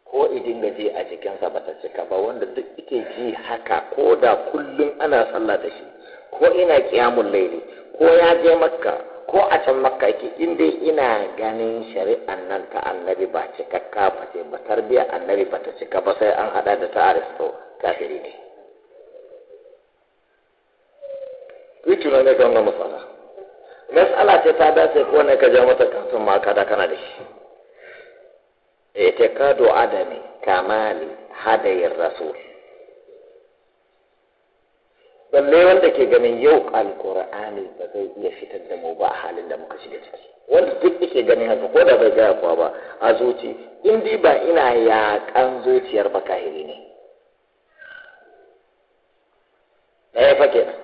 ko idin je a jikinsa ba ta cika ba wanda duk ike ji haka ko da kullum ana sallah da shi ko ina kiyamun laili ko ya je makka ko a can makka yake in dai ina ganin shari'an nan ta annabi ba cikakka ba ce ba tarbiyyar annabi ba ta cika ba sai an hada da ta aristo kafiri ne. ne ga wannan mas'ala ce ta dace ko ne ka ja mata kasan ma kada kana da shi i'tiqadu adami kamali hadayin rasul balle wanda ke ganin yau alkur'ani ba zai iya fitar da mu ba a halin da muka shiga ciki wanda duk yake ganin haka ko da bai gaya kuwa ba a zuci in dai ba ina yaƙan zuciyar bakahiri ne ɗaya fa kenan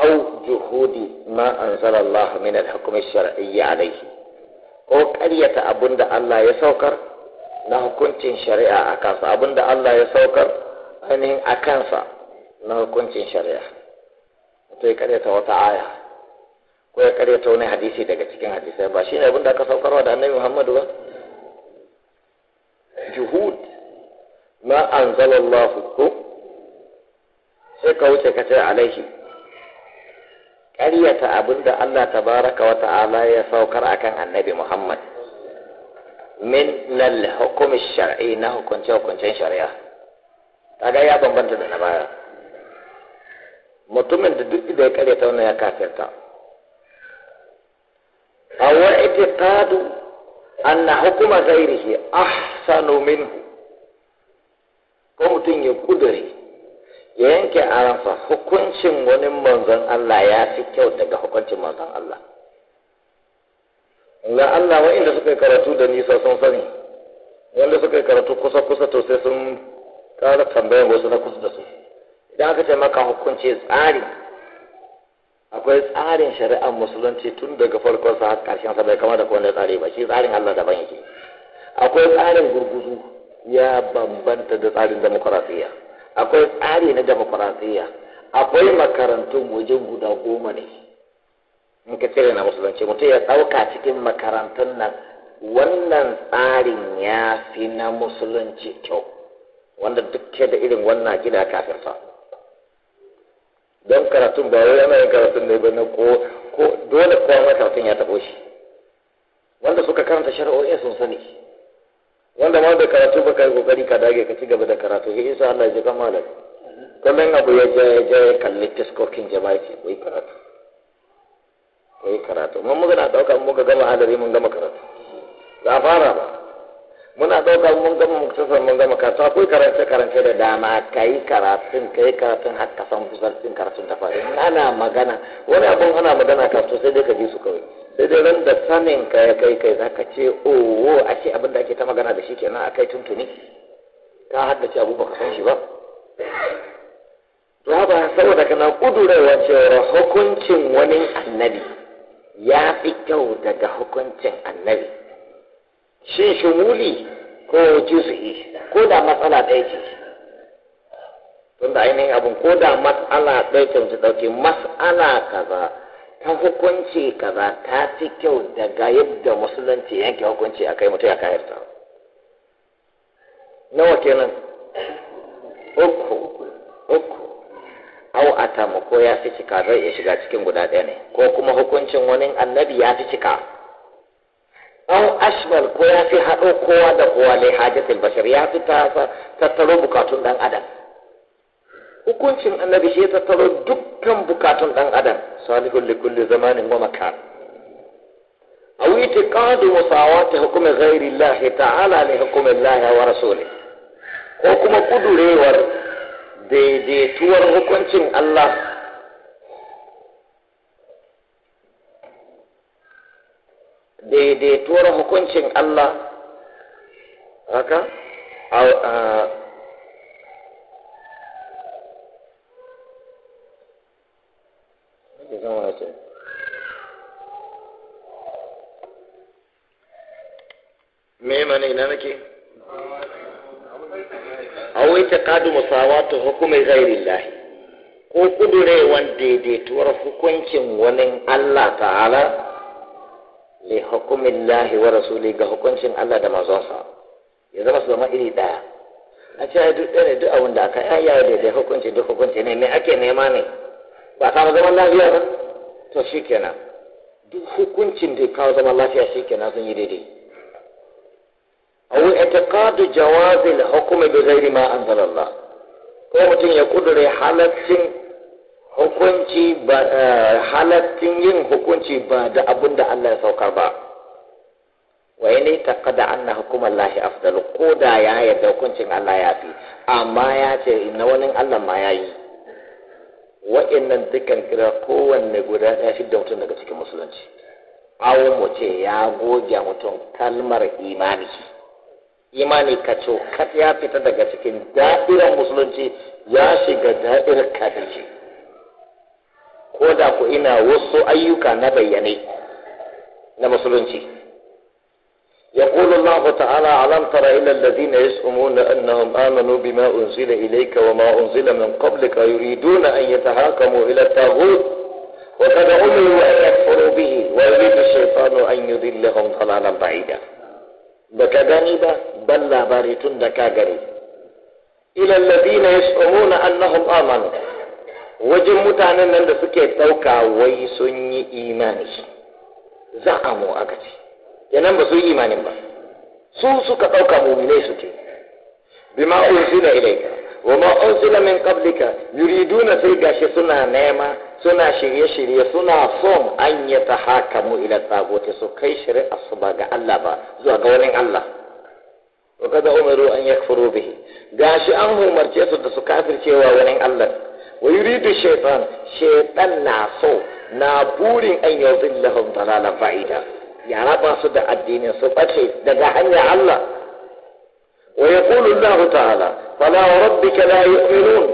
أو جهود ما أنزل الله من الحكم الشرعي عليه أو قرية Allah ya saukar na hukuncin shari'a a kansa abinda Allah ya saukar ainihin a kansa na hukuncin shari'a to ya karyata wata aya ko ya karyata wani hadisi daga cikin hadisai ba shi ne abinda aka saukarwa da annabi Muhammadu ba juhud ma anzalallahu ko sai ka wuce ka ce alaihi ƙaryata abin da Allah baraka wa ta'ala ya saukar akan annabi Muhammad min nal hukumi shar'i na hukunce hukuncen shari'a kaga ya bambanta da na baya mutumin da duk da ya ƙaryata wannan ya kafirta awwa itiqadu anna hukuma ghairihi ahsanu minhu ko mutum ya kudure ya yanke arafa hukuncin wani manzon Allah ya fi kyau daga hukuncin manzon Allah la Allah wa'inda suka karatu da nisa sun sani wanda suka karatu kusa kusa to sai sun kara tambayan wasu na kusa da su idan aka ce maka hukunci tsari akwai tsarin shari'ar musulunci tun daga farkon sa har ƙarshen sa bai kama da kowane tsari ba shi tsarin Allah daban yake akwai tsarin gurguzu ya bambanta da tsarin demokrasiyya akwai tsari na demokuraɗiyya akwai makarantun waje guda goma ne in ka cire na musulunci mutum ya ɗauka cikin makarantun nan wannan tsarin ya fi na musulunci kyau wanda duk da irin wannan gida kafirta don karatun ba wai yana yin karatun ne ba ko dole kowa karatun ya taɓo shi wanda suka karanta shari'o'in sun sani wanda ma da karatu baka yi kokari ka dage ka ci gaba da karatu shi isa Allah ya ji malam kullum abu ya je ya je ya kalli tiskokin jama'i ko karatu ko karatu mun muna dauka mun ga gama hadari mun gama karatu za fara ba muna dauka mun gama muktasa mun gama karatu akwai karance karance da dama kai karatun kai karatun har ka san kusan karatun ta fara ana magana wani abun ana magana karatu sai dai ka ji su kawai sai dai ran da sanin ka ya kai kai zaka ce owo a ce abin da ake ta magana da shi kenan kai tuntuni ka haddace abu baka san shi ba to haka saboda kana kudurewa ra hukuncin wani annabi ya fi kyau daga hukuncin annabi shi shumuli ko juz'i ko da matsala ɗaya ce tunda ainihin abin ko da matsala ɗaya ce ɗauke matsala kaza ta hukunci kaza ta fi kyau daga yadda musulunci yanke hukunci a kai mutum ya kayarta nawa kenan uku uku au atamu ko ya fi cika zai iya shiga cikin guda ɗaya ne ko kuma hukuncin wani annabi ya fi cika au ashmal ko ya fi haɗo kowa da kowa lai hajjatul bashar ya fi tattaro bukatun ɗan adam hukuncin annabi shi ya tattaro dukkan bukatun ɗan adam salihun likulli zamanin wa makan aw itiqadu musawati hukmi ghairi Allah ta'ala li hukmi Allah wa rasulih ko kuma kudurewar daidaituwar hukuncin Allah daidaituwar hukuncin Allah haka ah, جزاهم الله خير me mana ina nake aw itiqadu musawatu hukmi ghairillah ko kudurewan daidaituwar hukuncin wani Allah ta'ala li Lahi, wa rasuli ga hukuncin Allah da manzonsa ya zama su zama iri daya a ce duk ɗaya ne duk abin da aka yaya daidai hukunci duk hukunci ne me ake nema ne ba kama zaman lafiya ba to shi kenan duk hukuncin da kawo zaman lafiya shi kenan sun yi daidai awu kadu jawazil hukmi da ghairi ma an Allah ko mutum ya kudure halaccin hukunci ba eh, halaccin yin hukunci ba da abin da Allah ya sauka ba wa yana an na hukumar lahi afdal ko da ya yarda hukuncin Allah ya fi amma ya ce na wani Allah ma yi. wa'annan dukkan kira kowanne guda ɗaya shi da mutum daga cikin musulunci awo mu ce ya goge mutum kalmar imani imani ka kat ya fita daga cikin da'irar musulunci ya shiga da'irar kafirci ko da ku ina wasu ayyuka na bayyane na musulunci يقول الله تعالى ألم تر إلى الذين يزعمون أنهم آمنوا بما أنزل إليك وما أنزل من قبلك يريدون أن يتهاكموا إلى التاغوت وقد أمروا أن يكفروا به ويريد الشيطان أن يذلهم ضلالا بعيدا baka gani بلى باريتون دكاغري إلى الذين ka أنهم آمنوا وجم yas'umuna أن amanu wajen ويسني nan زعموا أكثر kenan ba su yi imanin ba su suka ɗauka muminai suke bima ursila ilaika wa ma ursila min qablika yuriduna sai gashi suna nema suna shirye-shirye suna son an ya mu ila tsagote su kai shari'a su ba ga Allah ba zuwa ga wani Allah wa kada umaru an yakfuru bihi gashi an umarce su da su kafircewa wani Allah wa yuridu shaytan shaytan na so na burin an yuzillahum dalalan fa'ida. يا رب صدع الدين صفاتي دجحني الله ويقول الله تعالى فلا ربك لا يؤمنون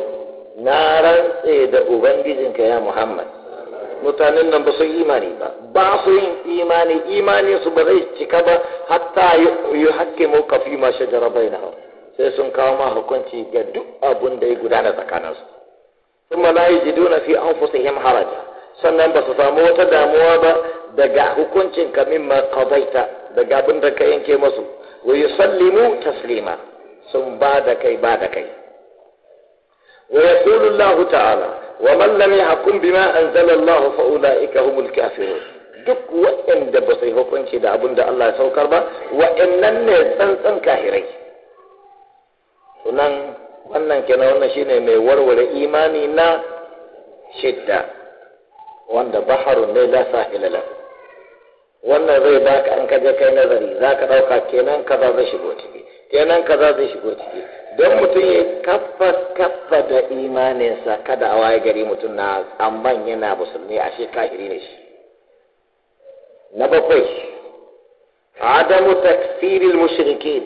نارا إيدا أبنجزنك يا محمد متانن بس إيماني با باصين إيماني إيماني صبريش تكبا حتى يحكموك فيما شجر بينهم سيسون كاما حكمتي جدو أبن دي قدانة تكانس ثم لا يجدون في أنفسهم حرج سنن بس فاموت داموا با daga hukuncin ka mimma qadaita daga abin da ka yanke musu wa yusallimu taslima sun ba da kai ba da kai wa yaqulu Allah ta'ala wa man lam yahkum bima anzala Allah fa ulaika humul kafirun duk waɗanda ba su hukunci da abin da Allah ya saukar ba waɗannan ne tsantsan kahirai sunan wannan kenan wannan shine mai warware imani na shidda wanda baharun ne la sahila lahu wannan zai baka an kaje kai nazari za ka ɗauka kenan kaza zai shigo ciki kenan za zai shigo ciki don mutum ya kafa kafa da imaninsa kada a waye gari mutum na amman yana musulmi a shi kafiri ne shi na bakwai adamu takfirin mushrikin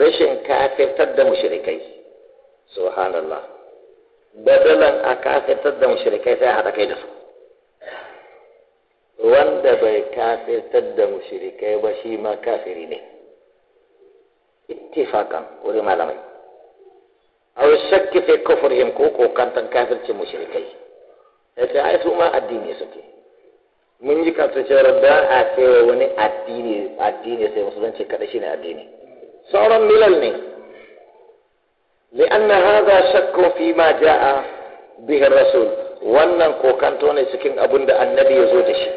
rashin kafirtar da mushrikai subhanallah badalan a kafirtar da mushrikai sai a haɗa kai da su wanda bai kafirtar da mushrikai ba shi ma kafiri ne ittifaqan wuri malamai aw shakki fi kufrihim ko kokantan kafirci mushrikai sai ai su ma addini suke mun yi kansu cewa da a cewa wani addini addini sai musulunci kada shine addini sauran milal ne li'anna هذا شك فيما ma به الرسول rasul wannan kokanto ne cikin abunda annabi ya zo da shi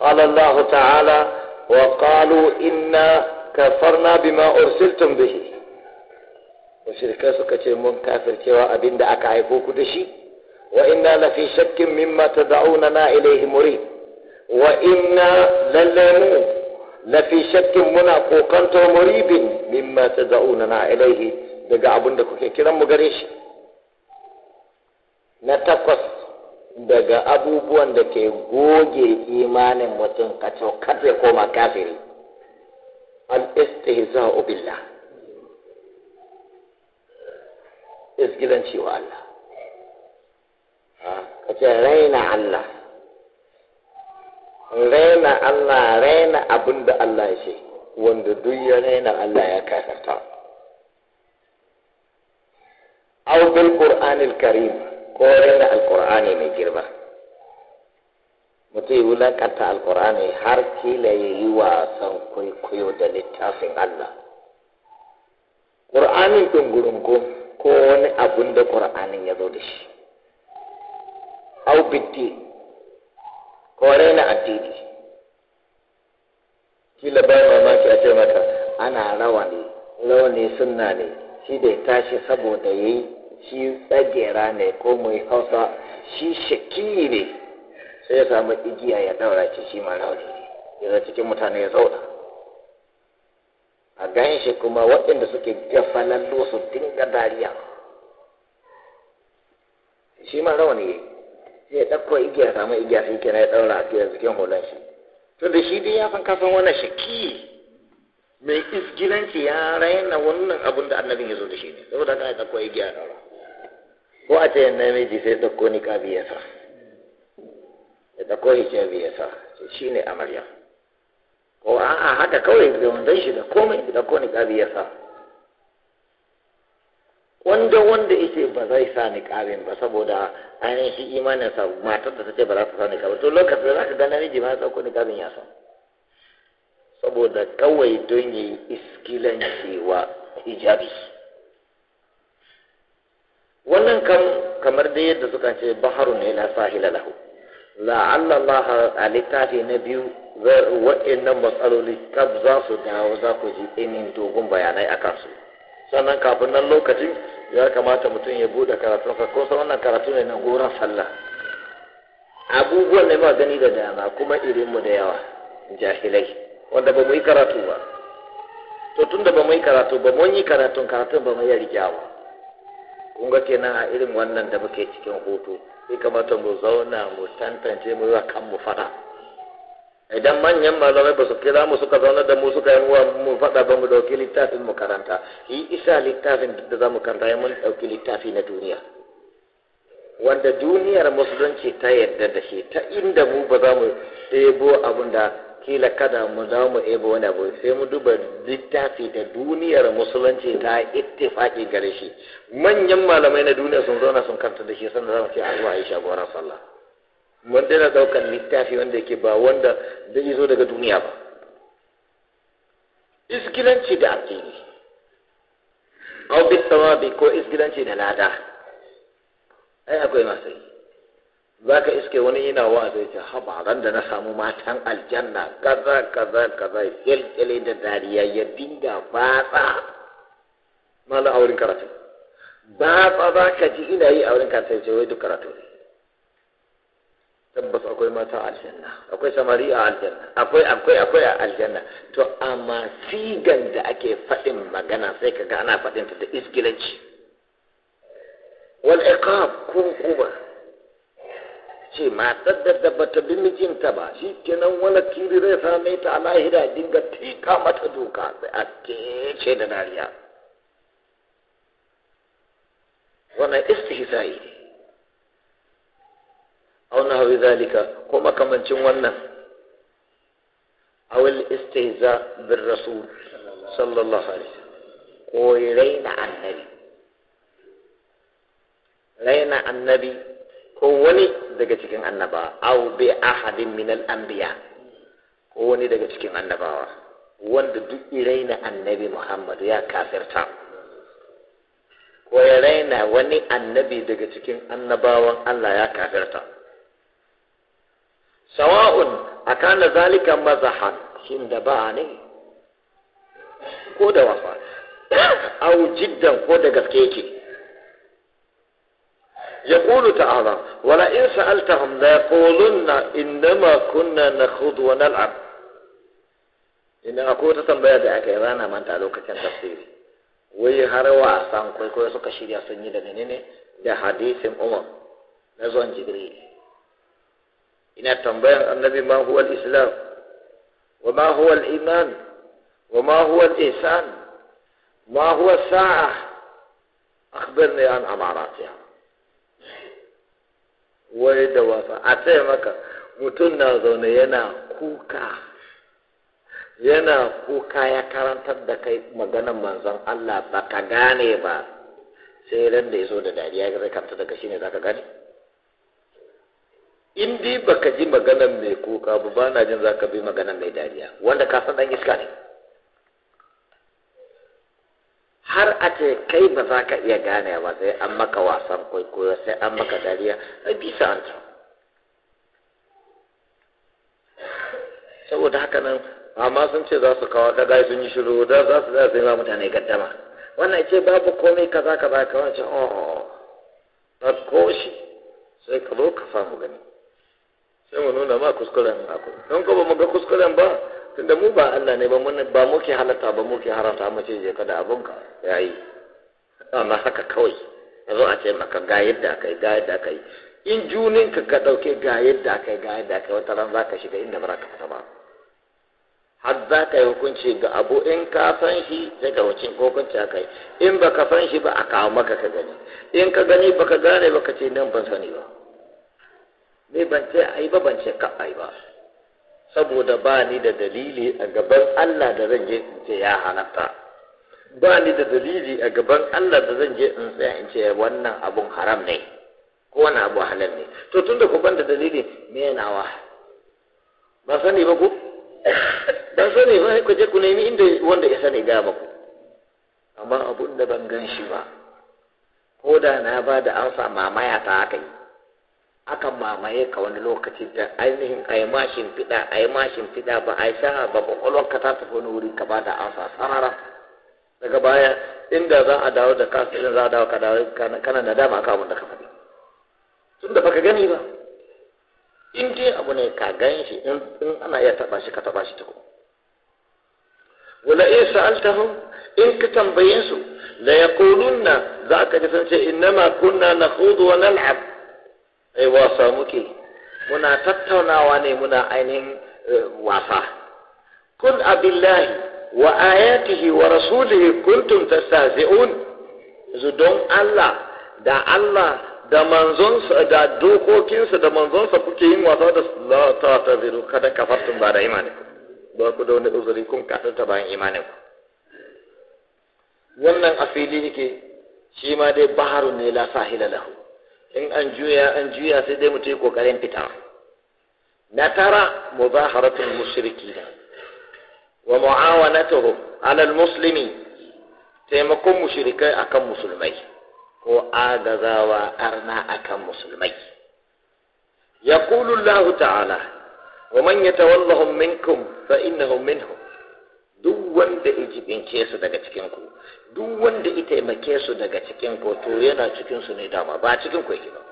قال الله تعالى وقالوا إنا كفرنا بما أرسلتم به mushrikai suka ce mun kafircewa abin da aka haifo ku dashi? shi wa lafisakin la fi shakkin mimma tad'una na ilayhi murid wa inna la fi shakkin muna kokanto muribin mimma na daga abin kuke kiran mu gare shi na takwas daga abubuwan da ke goge imanin mutum ka kacau kace koma kafiri al istihza billah isgilanci wa Allah ka ce raina Allah raina Allah raina abin da Allah ya ce wanda duk ya raina Allah ya kafarta aw bil qur'anil karim ko raina alkur'ani mai girma mutum ya wulakanta alkur'ani har kila ya yi wasan kwaikwayo da littafin Allah ƙur'ani ɗungurungun ko wani abun da ƙur'anin ya zo da shi au biddi ko raina addini kila ba mamaki a ce maka ana rawa ne rawa ne sunna ne shi da ya tashi saboda ya yi shi tsagera ne ko mai hausa shi shaki ne sai ya samu igiya ya daura ce shi ma rauni ne ya cikin mutane ya zauna a gan shi kuma waɗanda suke gafalallo su dinga dariya shi ma rauni ne sai ya ɗauko igiya samu igiya sai kenan ya daura a cikin hulan shi to da shi dai ya san kasan wani shaki mai isgilanci ya raina wannan abun da annabin ya zo da shi ne saboda haka ya ɗauko igiya daura ko a ce namiji sai ɗauko niƙabi ya sa ya ɗauko hijabi ya sa shi ne amarya ko a'a haka kawai da wandon shi da komai da ɗauko niƙabi ya sa wanda wanda ita ba zai sa ni niƙabin ba saboda ainihin shi imanin sa matar da ta ce ba za ta sa ni niƙabin to lokacin za ka ga namiji ma ya ɗauko niƙabin ya sa saboda kawai don yi iskilanci wa hijabi wannan kam kamar da yadda suka ce baharu ne la sahila lahu la'alla Allah a littafi na biyu nan matsaloli kaf za su dawo za ku ji inin dogon bayanai a kansu sannan kafin nan lokacin ya kamata mutum ya bude karatunsa ko san wannan karatu ne na goron sallah abubuwan ne ma gani da dama kuma irin mu da yawa jahilai wanda ba mu yi karatu ba to tun da ba mu yi karatu ba mu yi karatun karatun ba mu yi rigyawa kun ga kenan a irin wannan da muke cikin hutu sai kamata mu zauna mu tantance mu kan mu fada idan manyan malamai ba su kira mu suka zauna da mu suka yi mu fada ba mu dauki littafin mu karanta yi isa littafin da za mu karanta mun ɗauki littafi na duniya wanda duniyar musulunci ta yarda da shi ta inda mu ba za mu ɗebo abin da kila kada mu za mu ebo wani abu sai mu duba littafi da duniyar musulunci ta ittifaki gare shi manyan malamai na duniya sun zauna sun karta da shi sannan za mu ce a zuwa aisha gora sallah mun daina daukan littafi wanda yake ba wanda zai zo daga duniya ba iskilanci da addini au bi ko iskilanci da lada ai akwai masu yi za ka iske wani yana wa zai ce haba ran da na samu matan aljanna kaza kaza kaza kyalkyale da dariya ya dinga batsa malu a wurin karatu batsa za ka ji ina yi a wurin karatu ce wai duk karatu ne tabbas akwai mata aljanna akwai samari a aljanna akwai akwai akwai a aljanna to amma sigan da ake faɗin magana sai ka ga ana faɗin ta da iskilanci wal iqab ko hukuma ce matar da da bata bi mijinta ba shi kenan wani kiri zai same ta a lahira dinga tika mata doka sai a kece da dariya wannan istihza'i ne aw nahwi zalika ko makamancin wannan aw al istihza bin rasul sallallahu alaihi wasallam ko raina annabi raina annabi ko wani daga cikin annabawa aw bi ahadin min al anbiya ko wani daga cikin annabawa wanda duk iraina annabi Muhammad ya kafirta ko ya raina wani annabi daga cikin annabawan Allah ya kafirta sawa'un akana zalika mazaha shin da ba ne ko da wafa au jiddan ko da gaske yake يقول تعالى ولئن سألتهم ليقولن إنما كنا نخوض ونلعب إن أقول تنبيه دعك ما أنت تعلوك كان تفسيري ويهر وعسان كوي كوي سوك شريع سنجد نيني ده حديث أمم نزون جبريل إن تنبيه النبي ما هو الإسلام وما هو الإيمان وما هو الإحسان ما هو الساعة أخبرني عن أماراتها wai da wasa a tsaye maka mutum na zaune yana kuka yana kuka ya karantar da kai maganan manzon Allah ba ka gane ba sai ran da ya zo da dariya ya zai karanta daga shi ne za ka gane in dai baka ji maganan mai kuka ba ba na jin za ka bi maganan mai dariya wanda ka san dan iska ne har a ce kai ba za ka iya gane ba sai an maka wasan kwaikwayo sai an maka dariya a bisa an saboda haka nan amma sun ce za su kawo daga sun yi shiru da za su zai ma mutane gaddama wannan ce babu komai kaza kaza ka wance oh ko shi sai ka zo ka samu gani sai mu nuna ma kuskuren akwai don ko ba mu ga kuskuren ba tunda mu ba Allah ne ba mun ba muke halatta ba muke haramta mu ce je kada abun ka yayi amma haka kawai yanzu a ce maka ga yadda kai ga yadda kai in junin ka ka dauke ga yadda kai ga yadda kai wata ran zaka shiga inda ba ka fita ba har za ka yi hukunci ga abu in ka san shi sai ka wuce hukunci akai in ba ka san shi ba a kawo maka ka gani in ka gani ba ka gane ba ka ce nan ban sani ba ne ban ce ai ba ban ce ka ai ba saboda ba ni da dalili a gaban Allah da zan je in ce ya halatta ba ni da dalili a gaban Allah da zan je in tsaya in ce wannan abun haram ne ko wani abu halal ne to tunda ku ban da dalili me wa ba sani ba ku ba sani ba ku je ku nemi inda wanda ya sani ga ku amma abun da ban gan shi ba ko da na ba da amsa mamaya ta haka yi akan mamaye ka wani lokaci da ainihin a yi mashin fiɗa a yi mashin fiɗa ba a yi shaha ba ƙwaƙwalwar ka ta tafi wani wuri ka ba da asa sarara daga baya inda za a dawo da kasu za a dawo ka dawo kana nadama ka abin da ka faɗi tun da baka gani ba in dai abu ne ka gan shi in ana iya taɓa shi ka taɓa shi tukun wala in taho in ka tambaye su la yaqulunna za ka ji sun ce innama kunna nakhudu wa nal'ab eh wasa muke muna tattaunawa ne muna ainihin eh, wasa kun abillahi wa ayatihi wa rasulihi kuntum tastazi'un zu don Allah da Allah da manzonsa da dokokinsa da manzonsa kuke yin wasa da la ta zuru kada kafartum ba da imani ba ku da wani uzuri kun kafirta bayan imaninku wannan a fili yake shi ma dai baharun ne la sahila lahu in an juya an juya sai dai mutum yi kokarin fita na tara muzaharatul da. wa mu'awanatuhum alal muslimi taimakon mushrikai akan musulmai ko agazawa arna akan musulmai yaqulu Allah ta'ala wa man yatawallahum minkum fa innahum minhum duk wanda ya jibince su daga cikin ku duk wanda ya taimake su daga cikin ku to yana cikin su ne dama ba cikin ku yake ba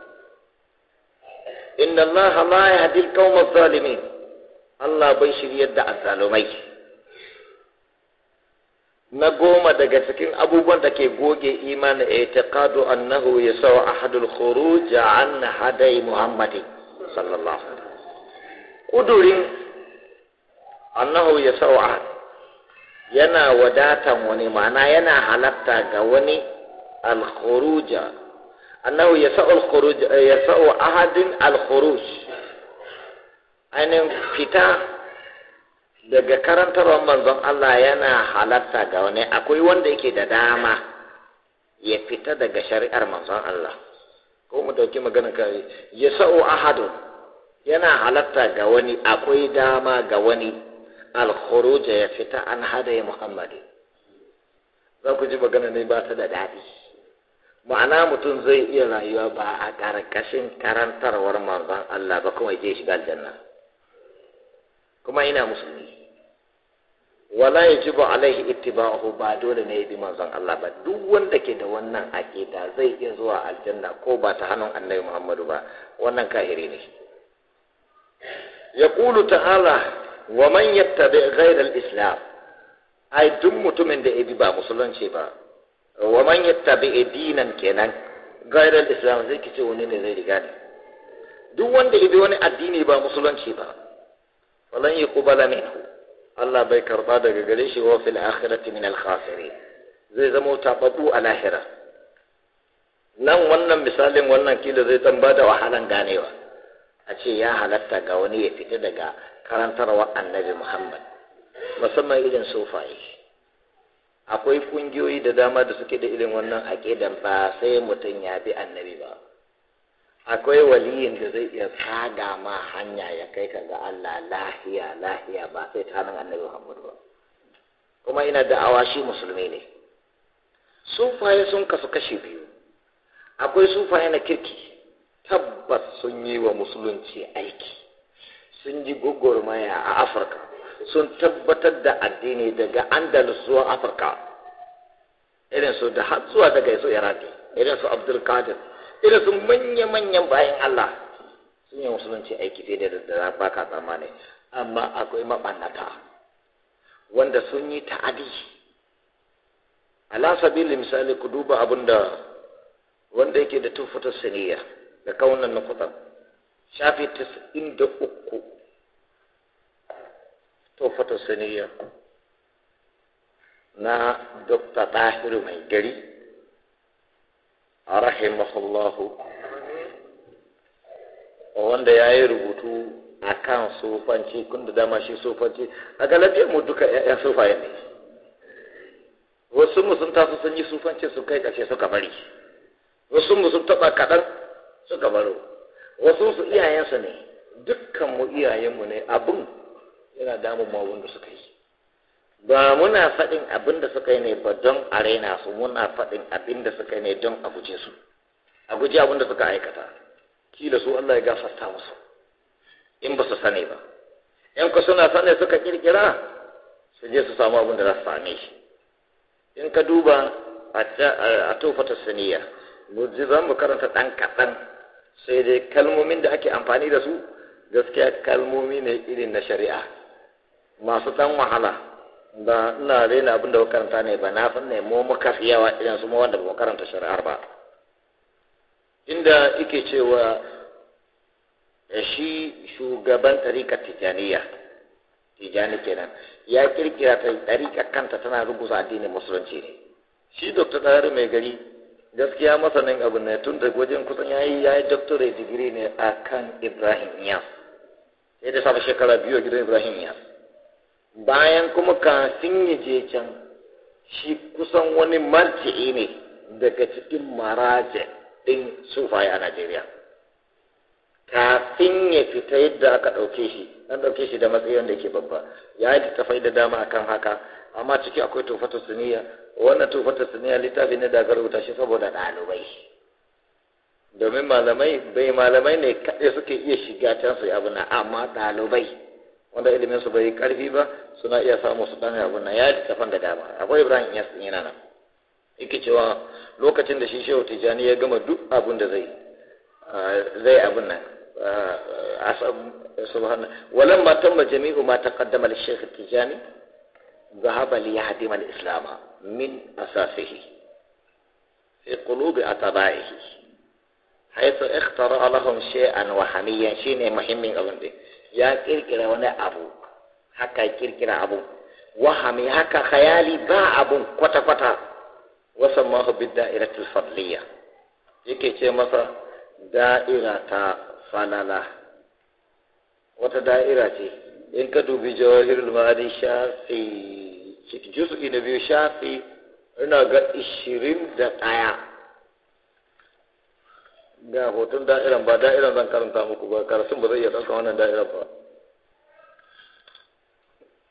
inna allaha la yahdi al-qawma adh-dhalimin Allah bai shiryar da azzalumai na goma daga cikin abubuwan da ke goge imanin i'tiqadu annahu yasau ahadul khuruj an hadai muhammadin sallallahu alaihi wasallam kudurin annahu yasau ahad yana wadatan wani ma'ana yana halatta ga wani al-khuruja annahu yasa'u al-khuruj eh, yasa'u ahadin al ainin fita daga karantarwar manzon Allah yana halatta ga wani akwai wanda yake da dama ya fita daga shari'ar manzon Allah ko mu dauki magana kai yasa'u ahadun yana halatta ga wani akwai dama ga wani al ya fita an hada ya muhammadi za ku ji magana ne ba ta da daɗi ma'ana mutum zai iya rayuwa ba a ƙarƙashin karantarwar manzon Allah ba kuma ke shiga aljanna kuma ina musulmi wala yajibu alaihi ittiba'uhu ba dole ne ya bi manzon Allah ba duk wanda ke da wannan aqida zai iya zuwa aljanna ko ba ta hannun Annabi Muhammadu ba wannan kahiri ne yaqulu ta'ala wa man yattabi ghayr islam ai duk mutumin da ya bi ba musulunci ba wa man yattabi dinan kenan ghayr islam zai kice wani ne zai riga ne duk wanda ya bi wani addini ba musulunci ba falan yuqbala minhu Allah bai karba daga gare shi wa fil akhirati min al-khasirin zai zama tababu a lahira nan wannan misalin wannan kila zai dan bada wahalan ganewa a ce ya halatta ga wani ya fita daga karantarwa annabi Muhammad musamman irin sufaye akwai kungiyoyi da dama da suke da irin wannan aƙidan ba sai mutum ya bi annabi ba akwai waliyin da zai iya tsaga ma hanya ya kai ka ga Allah lahiya lahiya ba sai ta annabi Muhammad ba kuma ina da'awa shi musulmi ne sufaye sun kasu kashi biyu akwai sufaye na kirki tabbas sun yi wa musulunci aiki sun ji gwagwarmaya a afirka sun tabbatar da addini daga andalus zuwa afirka irin su da har zuwa daga yaso iraki irin su abdulkadir irin su manya-manyan bayan allah sun yi musulunci aiki fiye da da ba ka tsammani amma akwai maɓannata wanda sun yi ta'adi ala sabili misali ku duba abin da wanda yake da tufutar siriya da kaunan na kuɗa shafi 93 tuhfatu suniyya na dokta tahiru mai gari rahimahullahu wanda ya yi rubutu a kan sofanci kun da dama shi sofanci a galabiyar mu duka 'ya'yan sofaye ne wasu musu sun taso sun yi sun su kai kashe suka bari wasu musu sun taɓa kaɗan suka baro wasu su iyayensu ne dukkan mu iyayenmu ne abin yana damun ma wanda suka yi ba muna faɗin abin da suka yi ne ba don a raina su muna faɗin abin da suka yi ne don a guje su a guje abin da suka aikata kila su Allah ya gafarta musu in ba su sani ba in ku suna sani suka kirkira su je su samu abin da za su same shi in ka duba a tofata saniya za mu karanta ɗan kaɗan sai dai kalmomin da ake amfani da su gaskiya kalmomi ne irin na shari'a masu ɗan wahala da ina daina abin da karanta ne ba na san ne mu muka fi yawa idan su mu wanda ba karanta shari'ar ba inda yake cewa eh, shi shugaban tarika tijaniya tijani kenan ya kirkira ta tarika kanta tana rubuta addinin musulunci ne shi dr tsari mai gari gaskiya masanin abu ne tun da wajen kusan ya yi ya yi doctorate digiri ne akan ibrahim yas sai da sabu shekara biyu a gidan ibrahim yas bayan kuma kafin ya je can shi kusan wani marji'i ne daga cikin maraje ɗin sufaye a Najeriya kafin ya fita yadda aka ɗauke shi an ɗauke shi da matsayin da ke babba ya yi ta da dama akan haka amma ciki akwai tofata suniya wannan tofata suniya littafi ne da aka shi saboda ɗalibai domin malamai bai malamai ne kaɗai suke iya shiga can su abu na amma ɗalibai wanda ilimin su bai karfi ba suna iya samu su dan abu na ya kafan da dama akwai Ibrahim yas din yana nan yake cewa lokacin da shi Shehu Tijani ya gama duk abun da zai zai abun nan asab subhana ma tamma jami'u ma taqaddama li Sheikh Tijani ذهب ليهدم الإسلام من أساسه في قلوب أتباعه حيث اخترع لهم شيئا وهميا شيء مهم أظن ya kirkira wani abu haka kirkira abu wahami haka khayali ba abun kwata-kwata wasan mahu bidda iratul fadliya yake ce masa da'ira ta fanala wata da'ira ce in ka dubi jawahirul ma'ani shafi juz'i na biyu shafi ina ga ishirin da ɗaya ga hoton da'iran ba da'iran zan karanta muku ba karasin ba zai iya ɗauka wannan da'iran ba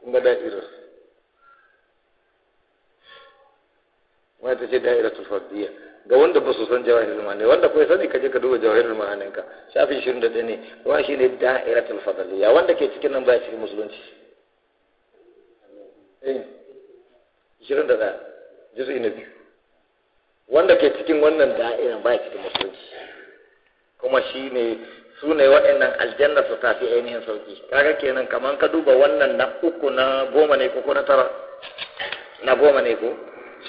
kuma da'irar wani ta ce da'irar tufafiya ga wanda ba su san jawahirin ma'ani wanda kuwa sani ka je ka duba jawahirin ma'anin ka shafin shirin da ɗani wa shi ne da'iratul tufafiya wanda ke cikin nan ba cikin musulunci eh. shirin da ɗaya jisai na biyu wanda ke cikin wannan da'iran ba cikin musulunci kuma shi ne su ne waɗannan aljanna su tafi ainihin sauki kaga kenan kamar ka duba wannan na uku na goma ne ko ko na tara na goma ne ko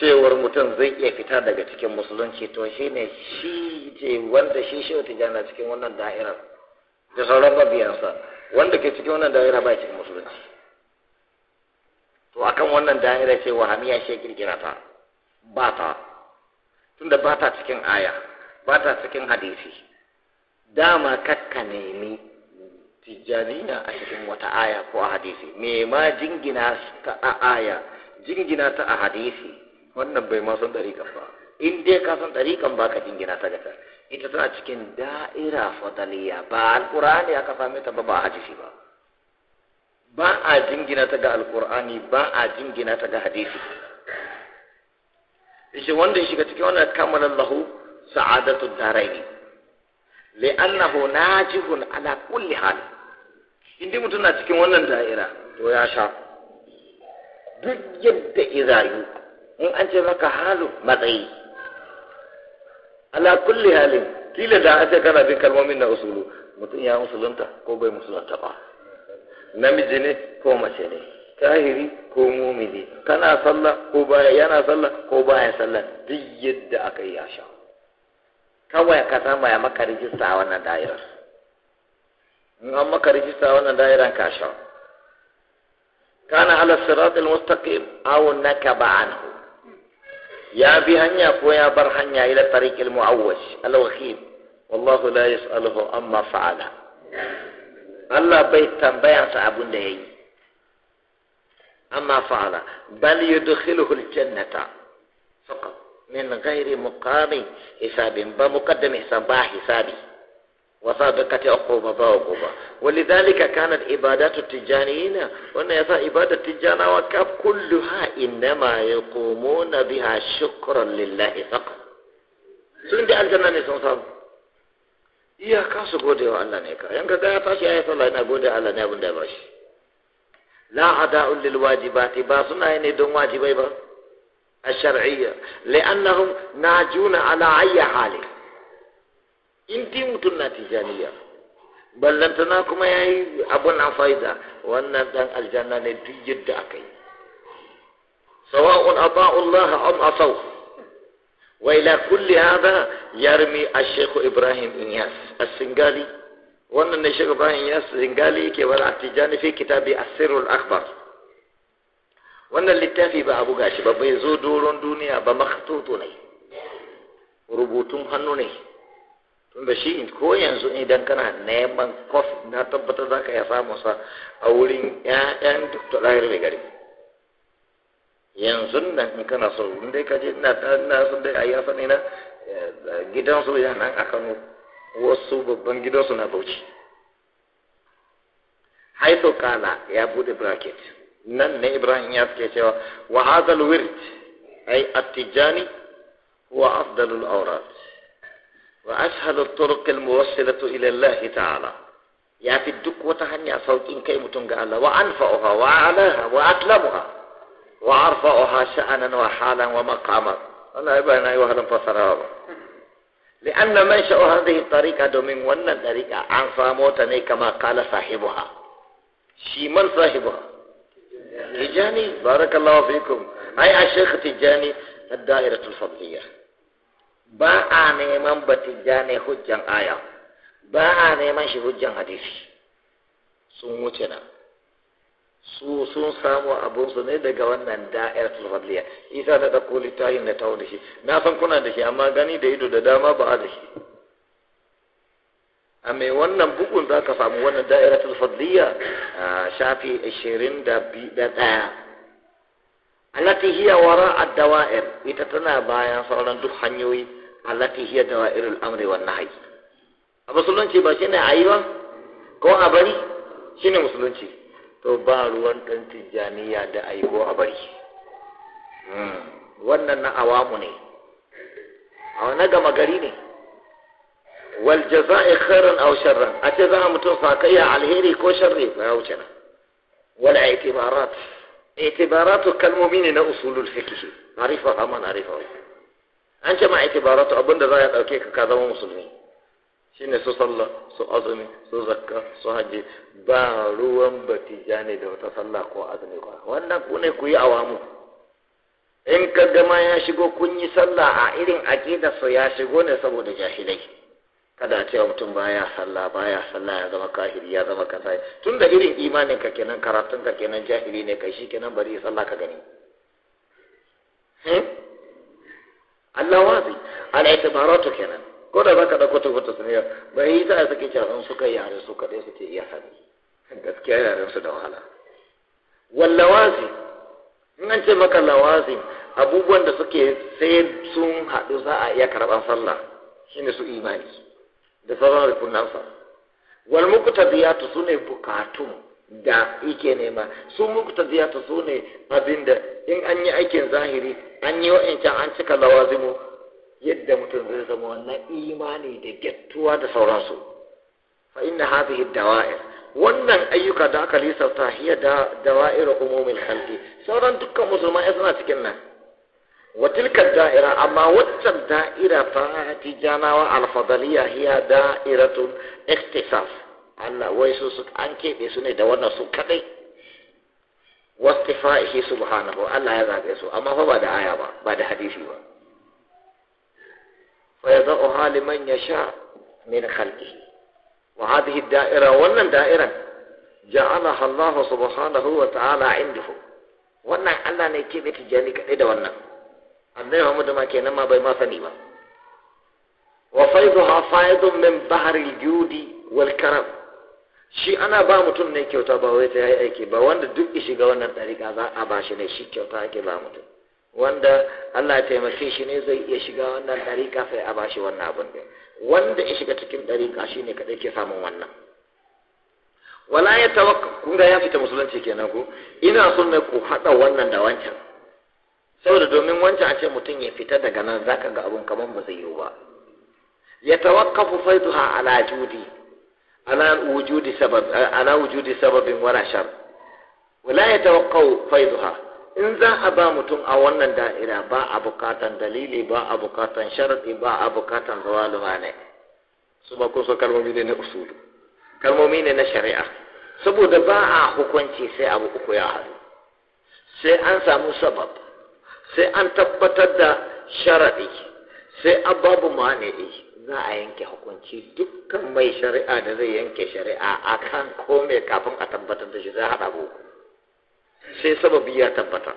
cewar mutum zai iya fita daga cikin musulunci to shi ne shi ce wanda shi shi jana cikin wannan da'irar da sauran mabiyansa wanda ke cikin wannan da'ira ba cikin musulunci to akan wannan da'ira ce wa Hamiya shi kirkira ta ba ta tunda ba ta cikin aya ba ta cikin hadisi dama kakka nemi tijjani a cikin wata aya ko a hadisi me ma jingina ta a aya jingina ta a hadisi wannan bai ma san ɗariƙan ba in dai ka san ɗariƙan ba ka jingina ta gata ita tana cikin da'ira fadaliya ba alƙur'ani aka same ta ba ba hadisi ba ba a jingina ta ga alƙur'ani ba a jingina ta ga hadisi ishe wanda ya shiga cikin wannan lahu sa'adatu daraini li'annahu najihun ala kulli hal indai mutum na cikin wannan da'ira to ya sha duk yadda izayu in an ce maka halu matsayi ala kulli halin kila da ake kana bin kalmomin na usulu mutum ya musulunta ko bai musulunta ba namiji ne ko mace ne kahiri ko mumini kana sallah ko baya yana sallah ko baya sallah duk yadda aka yi ya sha waya ka sama ya maka rijista a wannan da'irar in an maka rijista a wannan da'irar ka sha kana ala sirat al-mustaqim aw nakaba anhu ya bi hanya ko ya bar hanya ila tariq al-mu'awwash al-wakhim wallahu la yas'aluhu amma fa'ala Allah bai tambaya sa abun da yayi amma fa'ala bal yudkhiluhu al-jannata faqat min ghairi muqami hisabin ba muqaddam hisab ba hisabi wa sadaqati uquba ba uquba walidhalika kanat ibadatu tijaniyina wannan yasa ibada ibadatu tijanawa kaf ha innama yaqumuna biha shukran lillahi faqat sun da aljanna ne sun samu iyaka su gode wa Allah ne ka yan ka ya tashi ya sallah ina gode Allah ne a abin da ya bashi la ada'u lil wajibati ba suna ne don wajibai ba الشرعية لأنهم ناجون على أي حال متنا تجانية بل لن تناكم أبو أبونا وأن دان الجنة نتيجة أكي سواء أطاع الله أم أصوه وإلى كل هذا يرمي الشيخ إبراهيم إنياس السنغالي وأن الشيخ إبراهيم إنياس السنغالي كي التجاني في كتابه السر الأخبر wannan littafi ba a buga shi ba bai zo doron duniya ba maktutu ne rubutun hannu ne tun da shi ko yanzu idan kana neman kof na tabbatar za ka ya samu sa a wurin 'ya'yan dr lahir mai gari yanzu nan in kana so in dai ka je ina ina son dai ayyar sani na eh, gidansu ya nan a kano wasu babban gidansu na bauchi haito kala ya bude bracket نن إبراهيم يسكت وهذا الورد أي التجاني هو أفضل الأوراد وأسهل الطرق الموصلة إلى الله تعالى يا في الدك وتهني صوت إن كي متنقى الله وأنفعها وأعلاها وأكلمها وأرفعها شأنا وحالا ومقاما أنا إبانا أيها الانفصر لأن منشأ هذه الطريقة دومين ونن ذلك أنفع موتني كما قال صاحبها شيمن صاحبها Tijjani barakallahu fikum ai a shekha Tijjani a da'iratul fadliya ba a neman ba Tijjani hujjan aya ba a neman shi hujjan hadisi sun wuce na su sun samu abunsu ne daga wannan da'iratul fadliya isa da ɗauko littafin da ta da shi na san kuna da shi amma gani da ido da dama ba a da shi a mai wannan bugun za ka samu wannan ta fadliya a shafi 21 alati hiya wara ad-dawa'ir ita tana bayan sauran duk hanyoyi alati hiya dawa'irul amri wan nahyi a musulunci ba shine ayi ba ko a bari shine musulunci to ba ruwan dan tijaniya da ayi ko a bari hmm, wannan na awamu ne a wani gama gari ne wal jaza'i khairan aw sharran a ce za a mutum sakayya alheri ko sharri ba ya wuce na wal i'tibarat i'tibaratu kalmomi ne na usulul fiqh marifa ma marifa an ce ma i'tibaratu abinda za ya dauke ka ka zama musulmi shine su sallah su azumi su zakka su haji ba ruwan batija ne da wata sallah ko azumi ba wannan ku ne ku yi awamu in ka gama ya shigo kun yi sallah a irin su ya shigo ne saboda jahilai kada cewa mutum baya sallah baya sallah ya zama kahiri ya zama kasa tun da irin imanin ka kenan karatun ka kenan jahili ne kai shi kenan bari sallah ka gani hmm? Allah wazi ala itibaratu kenan ko da baka da kutubu ta sunya bai yi ta suke cewa suka yare su kadai suke iya sani gaskiya yaren su da wahala wallawazi in an ce maka lawazi abubuwan da suke sai sun haɗu za a iya karɓar sallah shine su imani da sauran rukunansa wal su sune bukatun da yake nema su ne sune abinda in an yi aikin zahiri an yi wa'ancan an cika lawazimu yadda mutum zai zama wannan imani da gettuwa da sauransu fa inna hadhihi dawa'ir wannan ayyuka da aka lissafta hiya da dawa'ir umumil khalqi sauran dukkan musulmai suna cikin nan وتلك الدائرة أما وتم دائرة فهاتي جاناوة الفضلية هي دائرة اختصاص الله ويسوسك أنك بسنة دوانا سكتي واستفائه سبحانه الله يذهب يسوع أما هو بعد آية بعد حديث ويضعها لمن يشاء من خلقه وهذه الدائرة ولا دائرة جعلها الله سبحانه وتعالى عنده wannan Allah ne ke mai tijjani kaɗai da wannan annai Muhammad ma kenan ma bai ma sani ba wa ha faizu min baharil judi wal karam shi ana ba mutum ne kyauta ba wai ta yi aiki ba wanda duk shiga wannan ɗariƙa za a ba shi ne shi kyauta ake ba mutum wanda Allah ya taimake shi ne zai iya shiga wannan ɗariƙa sai a ba shi wannan abin ne wanda ya shiga cikin ɗariƙa shi ne kaɗai ke samun wannan wala ya tawakka kun ga ya fita musulunci kenan ko ina son ne ku haɗa wannan da wancan saboda domin wancan a ce mutum ya fita daga nan za ka ga abun kamar ba zai yiwu ba ya tawakkafu faiduha ala judi ala wujudi sabab ala wujudi sababin wala shar wala ya tawakkau faiduha in za a ba mutum a wannan da'ira ba a bukatan dalili ba a bukatan sharadi ba a bukatan zawaluha ne su ba kusa kalmomi ne na usulu kalmomi ne na shari'a saboda ba a hukunci sai abu uku ya haɗu sai an samu sabab sai an tabbatar da sharaɗi sai ababu mani'i za a yanke hukunci dukkan mai shari'a da zai yanke shari'a a kan kome kafin a tabbatar da shi zai haɗa boko sai sababi ya tabbata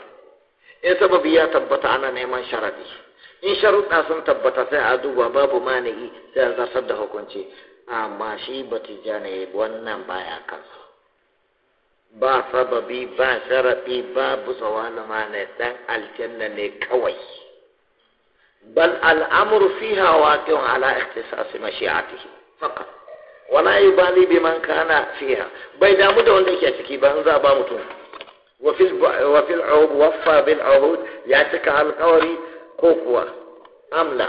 in sababi ya tabbata ana neman sharaɗi in sharuɗa sun tabbata sai a duba babu mani'i sai a zartar da hukunci amma shi ne wannan baya kansa با سببي با شرطي با بسوان ما نتان الجنة نكوي بل الأمر فيها واقع على اختصاص مشيعته فقط ولا يبالي بمن كان فيها بيدا مدى عندك يتكي بانزا بامتون وفي وفي العهود وفى بالعهود ياتك على القول كوكوا ام لا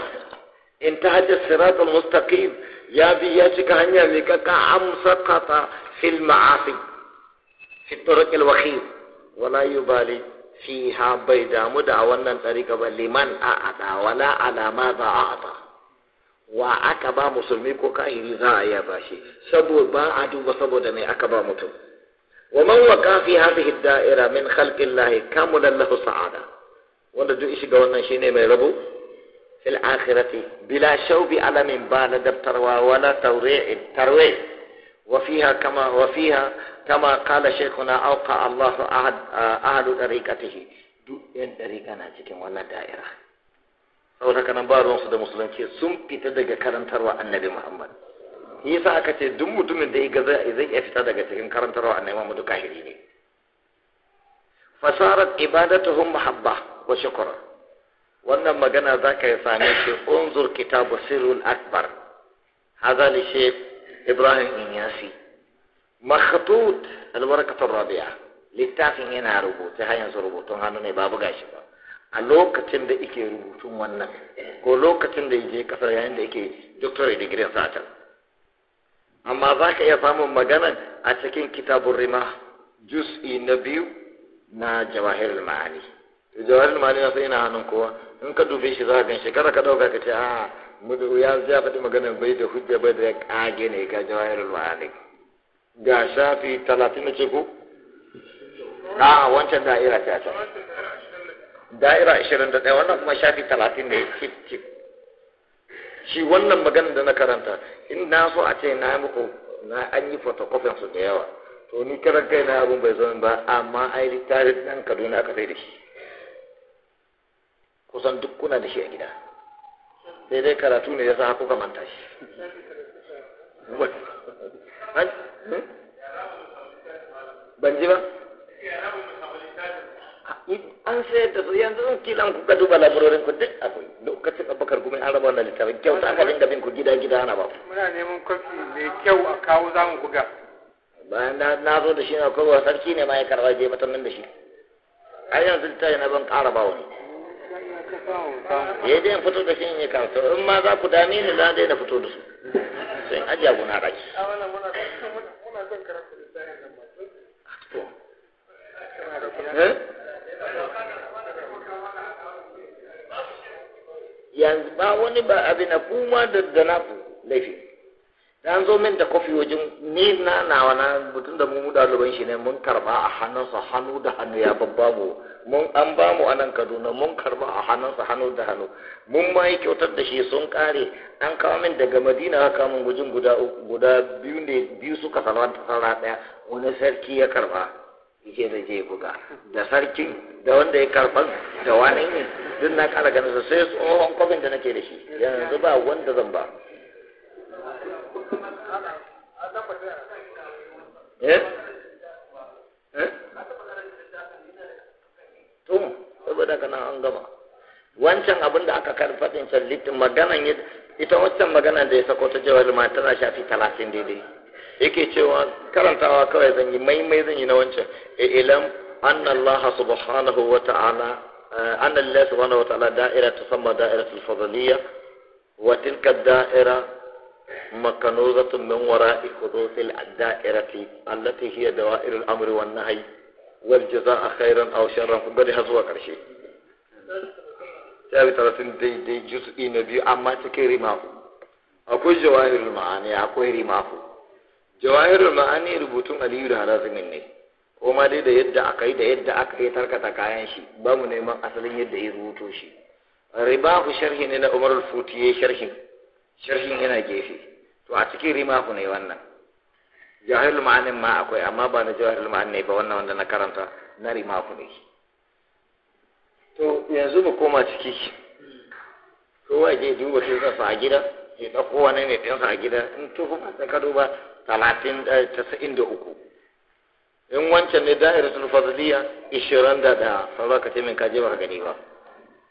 انتهج الصراط المستقيم يا بياتك ان يملكك ام سقط في المعاصي fi turuqil wakhir wala yubali fiha bai damu da wannan tariqa ba liman a ada wala alama za a ata wa aka ba musulmi ko kahiri za a iya bashi saboda ba a duba saboda ne aka ba mutum wa man waqa fi hadhihi daira min khalqillahi kamula lahu sa'ada wanda duk shiga wannan shine mai rabo fil akhirati bila shaubi alamin ba na dabtarwa wala tawri'in tarwi' وفيها كما وفيها كما قال شيخنا أوقع الله أحد أهل طريقته دين طريقنا na cikin wannan da'ira saboda kana ba su da musulunci sun fita daga karantarwa annabi muhammad shi yasa aka ce duk mutumin da ya zai zai iya fita daga cikin karantarwa annabi muhammad kashiri ne fasarat ibadatuhum mahabba wa shukra wannan magana zaka yi same shi unzur kitabu sirrul akbar hadha li shaykh ابراهيم inyasi makhtut albarkatu rabi'a littafin yana rubuta har yanzu rubutun hannu ne babu gashi ba a lokacin da yake rubutun wannan ko lokacin da yake kasar yayin da yake doctorate degree sa can amma za ka iya samun magana a cikin kitabun rima juz'i na biyu na jawahir ma'ani jawahir ma'ani na sai yana hannun kowa in ka dube shi za ka gan shekara ka dauka ka ce a ya ya faɗi maganar bai da hujja bai da ya kage ne ga jawahirul ma'ani ga shafi talatin na ko a wancan da'ira ta ta da'ira ashirin da ɗaya wannan kuma shafi talatin ne cip cip shi wannan maganar da na karanta in na so a ce na yi muku na an yi photocopy su da yawa to ni karan kai na abun bai zo ba amma ai littafin ɗan kaduna aka sai da shi kusan duk kuna da shi a gida sai dai karatu ne ya sa kuka manta shi hmm? ban ji ba an sai da su yanzu sun kila ku ka duba labarorin ku duk akwai lokacin abubakar kuma an raba wannan littafin kyau ta aka dinga bin ku gida gida ana ba muna neman kwafi mai kyau a kawo za mu buga bayan na na zo da shi na kowa sarki ne ma ya karɓa je matan nan da shi ai yanzu littafin na ban ƙara ba wani ya je fito da shi ne yi in ma za ku dame ni na daina fito da su sai ajiya guna ɗaki eh? Eh? yanzu ba wani ba abin na kuma da naku laifi da an zo min da kofi wajen ni na nawa na mutum da mun da ɗaliban shi ne mun karba a hannunsa hannu da hannu ya babba mu mun an ba mu a nan kaduna mun karba a hannunsa hannu da hannu mun ma yi kyautar da shi sun kare an kawo min daga madina haka mun gujin guda guda biyu ne biyu suka salwa ta daya wani sarki ya karba yake da ke buga da sarkin da wanda ya karban da wani ne duk na kara ganin sai tsohon kofin da nake da shi yanzu ba wanda zan ba Eh? Eh? saboda kana an gama wancan abin da aka karfatin can litin maganan ita wancan maganan da ya sako ta jawar ma tana shafi talatin daidai yake cewa karantawa kawai zan yi maimai zan yi na wancan e, ilam ta'ala الله سبحانه وتعالى أن الله ta وتعالى دائرة تسمى دائرة wa tilka da'ira مكنوزة من وراء حدوث الدائرة التي هي دوائر الأمر والنهي والجزاء خيرا أو شرا فقد هزوا كرشي tabi talatin daidai juz'i na biyu amma cikin rimahu akwai jawahirul ma'ani akwai rimahu jawahirul ma'ani rubutun aliyu da harazimin ne kuma dai da yadda aka yi da yadda aka yi tarkata kayan shi ba mu neman asalin yadda ya rubuto shi ribahu sharhi ne na umar al-futiye sharhin sharhin yana gefe to a cikin ku ne wannan jahilul ma'anin ma akwai amma ba na jahilul ma'anin ne ba wannan wanda na karanta na ku ne to yanzu mu koma ciki kowa ke duba sai zasu a gida ya ɗauko wani ne ɗinsa a gida in to kuma ta ka duba talatin da eh, tasa'in da uku in wancan ne da'iratul fadliya ishirin da ɗaya fa ba ka ce min ka je ba ka gani ba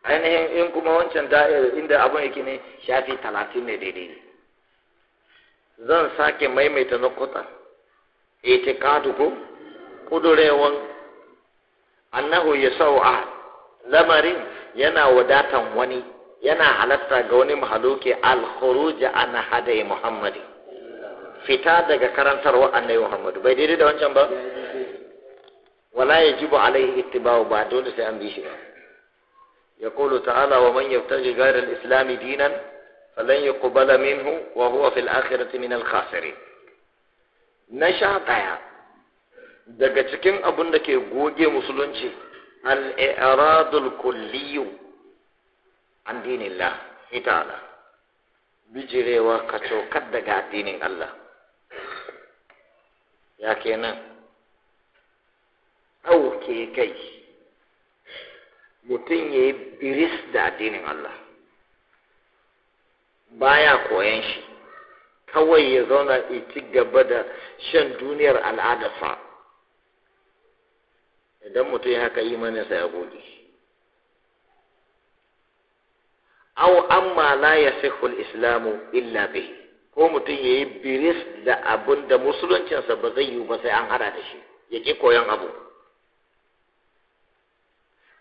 ainihin in kuma wancan da'ir eh, inda abin yake ne shafi talatin ne daidai zan sake maimaita na kuta kadu ko kudurewan annahu sau a lamarin yana wadatan wani yana halatta ga wani mahaluki al ana an hadai muhammadi fita daga karantarwa annabi muhammadu bai daidai da wancan ba wala ya jibu alaihi ittiba'u ba dole sai an bi shi ba يقول تعالى ومن يبتغي غير الإسلام دينا فلن يقبل منه وهو في الآخرة من الخاسرين نشا daya daga cikin abin da ke goge musulunci al-i'radul kulliyu an dinillah itala bijirewa ka cokar daga addinin Allah ya kenan ɗauke kai mutum ya yi biris da addinin Allah baya koyan shi kawai ya zauna ya ci gaba da shan duniyar al'adarsa idan mutum ya haka imaninsa ya goge aw amma la yasihhu islamu illa bihi ko mutum ya yi biris da abin da musuluncinsa ba zai yiwu ba sai an hada da shi ya ƙi koyon abu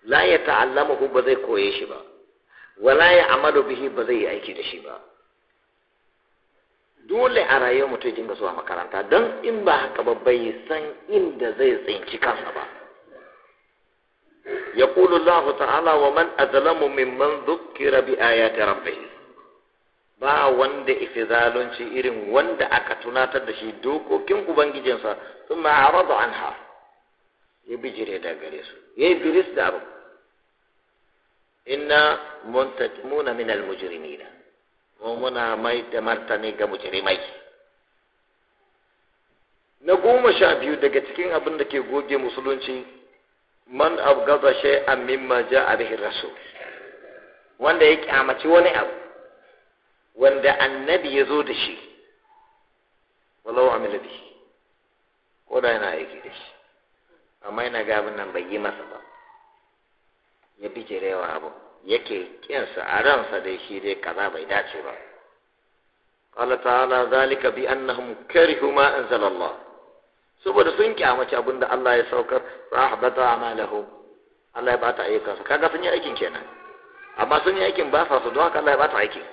la ya ta'allamahu ba zai koye shi ba wala ya amalu bihi ba zai yi aiki da shi ba dole a rayuwar mutum dinga zuwa makaranta don in ba haka ba bai san inda zai tsinci kansa ba ya Allah ta'ala wa man azlamu mimman dhukkira bi ayati rabbih ba wanda ifi zalunci irin wanda aka tunatar da shi dokokin ubangijinsa sun an anha ya bijire da gare su ya yi biris da abu inna muntajmuna min almujrimina mu muna mai da martani ga mujrimai na goma sha biyu daga cikin abin da ke goge musulunci man abgaza an mimma ja a bihin rasul wanda ya kyamaci wani abu wanda annabi ya zo da shi walau amila bihi ko da yana aiki da shi amma yana ga nan bai yi masa ba ya bijirewa abu yake kinsa a ransa dai shi dai kaza bai dace ba Allah ta'ala zalika bi annahum karihu ma anzalallah saboda sun kyamaci abin da Allah ya saukar fa habata amalahu Allah ya bata ayyukansa kaga sun yi aikin kenan amma sun yi aikin ba sa su don haka Allah ya bata aiki.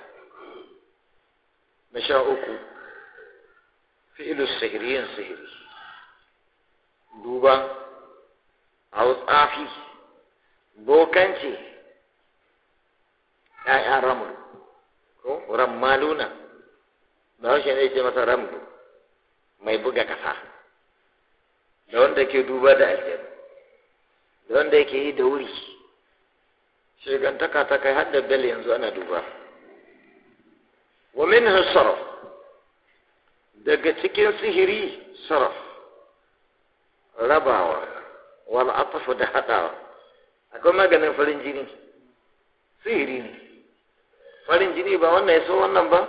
na sha uku fi'ilu sihiri yin sihiri duba a tsafi bokanci ‘ya'yan ramul ko rammaluna da haushe ne ce masa ramlu mai buga kasa da wanda ke duba da aljanu da wanda yake yi da wuri shigantaka ta kai har da bel yanzu ana duba wa min sarraf daga cikin sihiri sarraf rabawa wal atafu da haɗawa akwai maganin farin jini sihiri ne farin jini ba wannan ya so wannan ba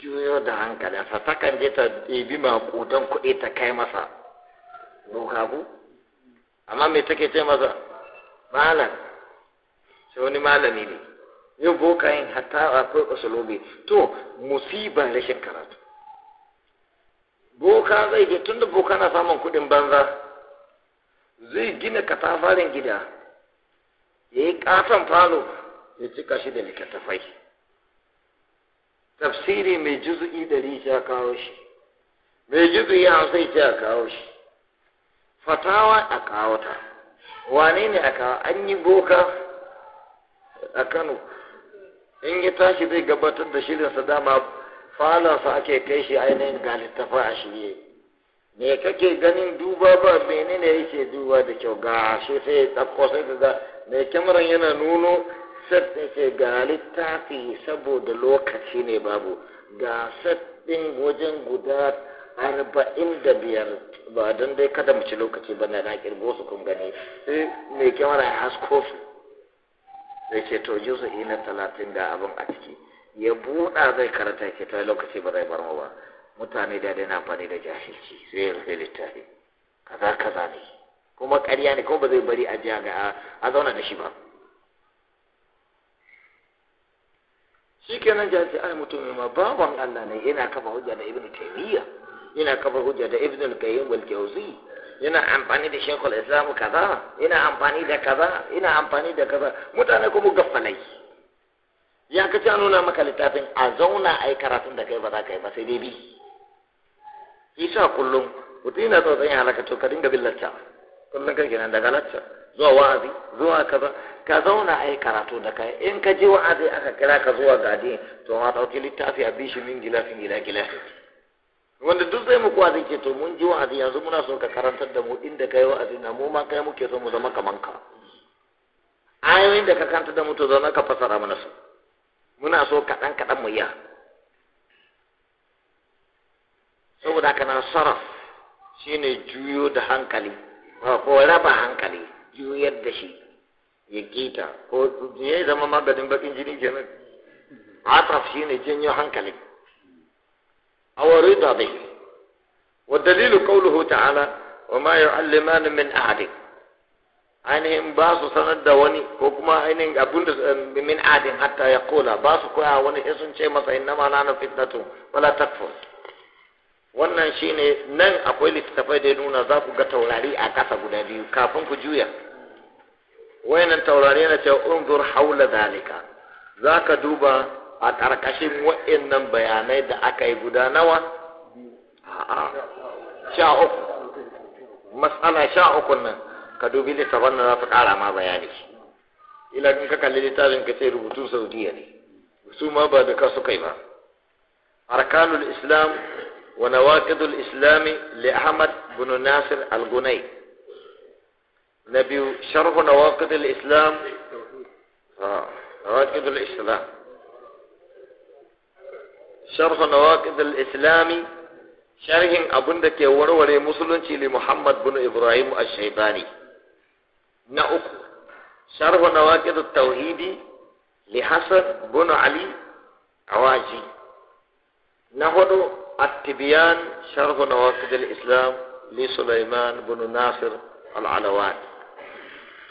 juyo da hankalinsa ta kan je ta ɗebi maƙudan kuɗi ta kai masa bukaku amma me take ce masa malam sai wani malami ne yau bokayin hatta akwai usulobi to musibar rashin karatu boka zai je tunda boka na samun kuɗin banza zai gina katafaren gida ya yi ƙaton falo ya cika shi da littattafai tafsiri mai juzu'i ɗari ya kawo shi mai juzu'i hamsin ya kawo shi fatawa a kawo ta wane ne a kawo an yi boka a kano in ya tashi zai gabatar da shirinsa dama falonsa ake kai shi ainihin ga littafa a shirye me kake ganin duba ba menene yake duba da kyau ga shi sai ya tsakko sai ka ga mai kyamaran yana nuno set ɗin sai ga littafi saboda lokaci ne babu ga set ɗin wajen guda arba'in da biyar ba don dai kada mu ci lokaci ba na na kirgo su kun gani sai mai kyamara ya hasko su sai ce to juzu'i na talatin da abin a ciki ya buɗa zai karanta ke ta lokaci ba zai bar mu ba mutane da na amfani da jahilci sai ya rufe littafi kaza kaza ne kuma ƙarya ne kuma ba zai bari a ji ga a zauna da shi ba shi kenan jahilci ai mutum ma baban Allah ne yana kafa hujja da ibnu taymiya yana kafa hujja da ibnu qayyim wal jawzi yana amfani da shekul islam kaza yana amfani da kaza yana amfani da kaza mutane kuma gaffalai ya kace nuna maka littafin a zauna ai karatun da kai ba za ka yi ba sai dai bi isa kullum mutum yana tsotson ya halaka to ka dinga bin lacca kullum kake nan daga lacca zuwa wa'azi zuwa kaza ka zauna a yi karatu da kai in ka je wa'azi aka kira ka zuwa gadi to ma ɗauki littafi a bishi min gilafin gila gila wanda duk zai muku wa'azi ke to mun ji wa'azi yanzu muna so ka karantar da mu inda kai wa'azi na mu ma kai muke so mu zama kaman ka ayoyin da ka karanta da mu to zauna ka fasara mana su muna so kaɗan kaɗan mu yi saboda haka na sarraf shine juyo da hankali ko raba hankali juyar da shi ya gita ko ya zama maganin bakin jini kenan atraf shine janyo hankali wari da bihi wa dalilu qawluhu ta'ala wa ma yu'allimani min adi ainihin ba su sanar da wani ko kuma ainihin abun da min adin hatta ya kola ba su koya wani sun ce masa inna ma na fitnatu wala takfur wannan shine nan akwai littattafai da ya nuna za ku ga taurari a ƙasa guda biyu kafin ku juya wayannan taurari yana cewa unzur haula dalika za ka duba a ƙarƙashin wa'annan bayanai da aka yi guda nawa a'a sha uku mas'ala sha uku nan ka dubi littattafan nan za su ƙara ma bayani ila in ka kalli littafin ka ce rubutun saudiya ne su ma ba da ka su kai ba arkanul islam ونواقض الإسلام لأحمد بن ناصر الغني نبي شرح نواقض الإسلام آه. نواقض الإسلام شرح نواقض sharhin abin ke warware musulunci li Muhammad bin Ibrahim al-Shaibani na uku sharhu nawaqid tauhidi li Hasan bin Ali Awaji na hudu التبيان شرح نواقض الإسلام لسليمان بن ناصر العلوات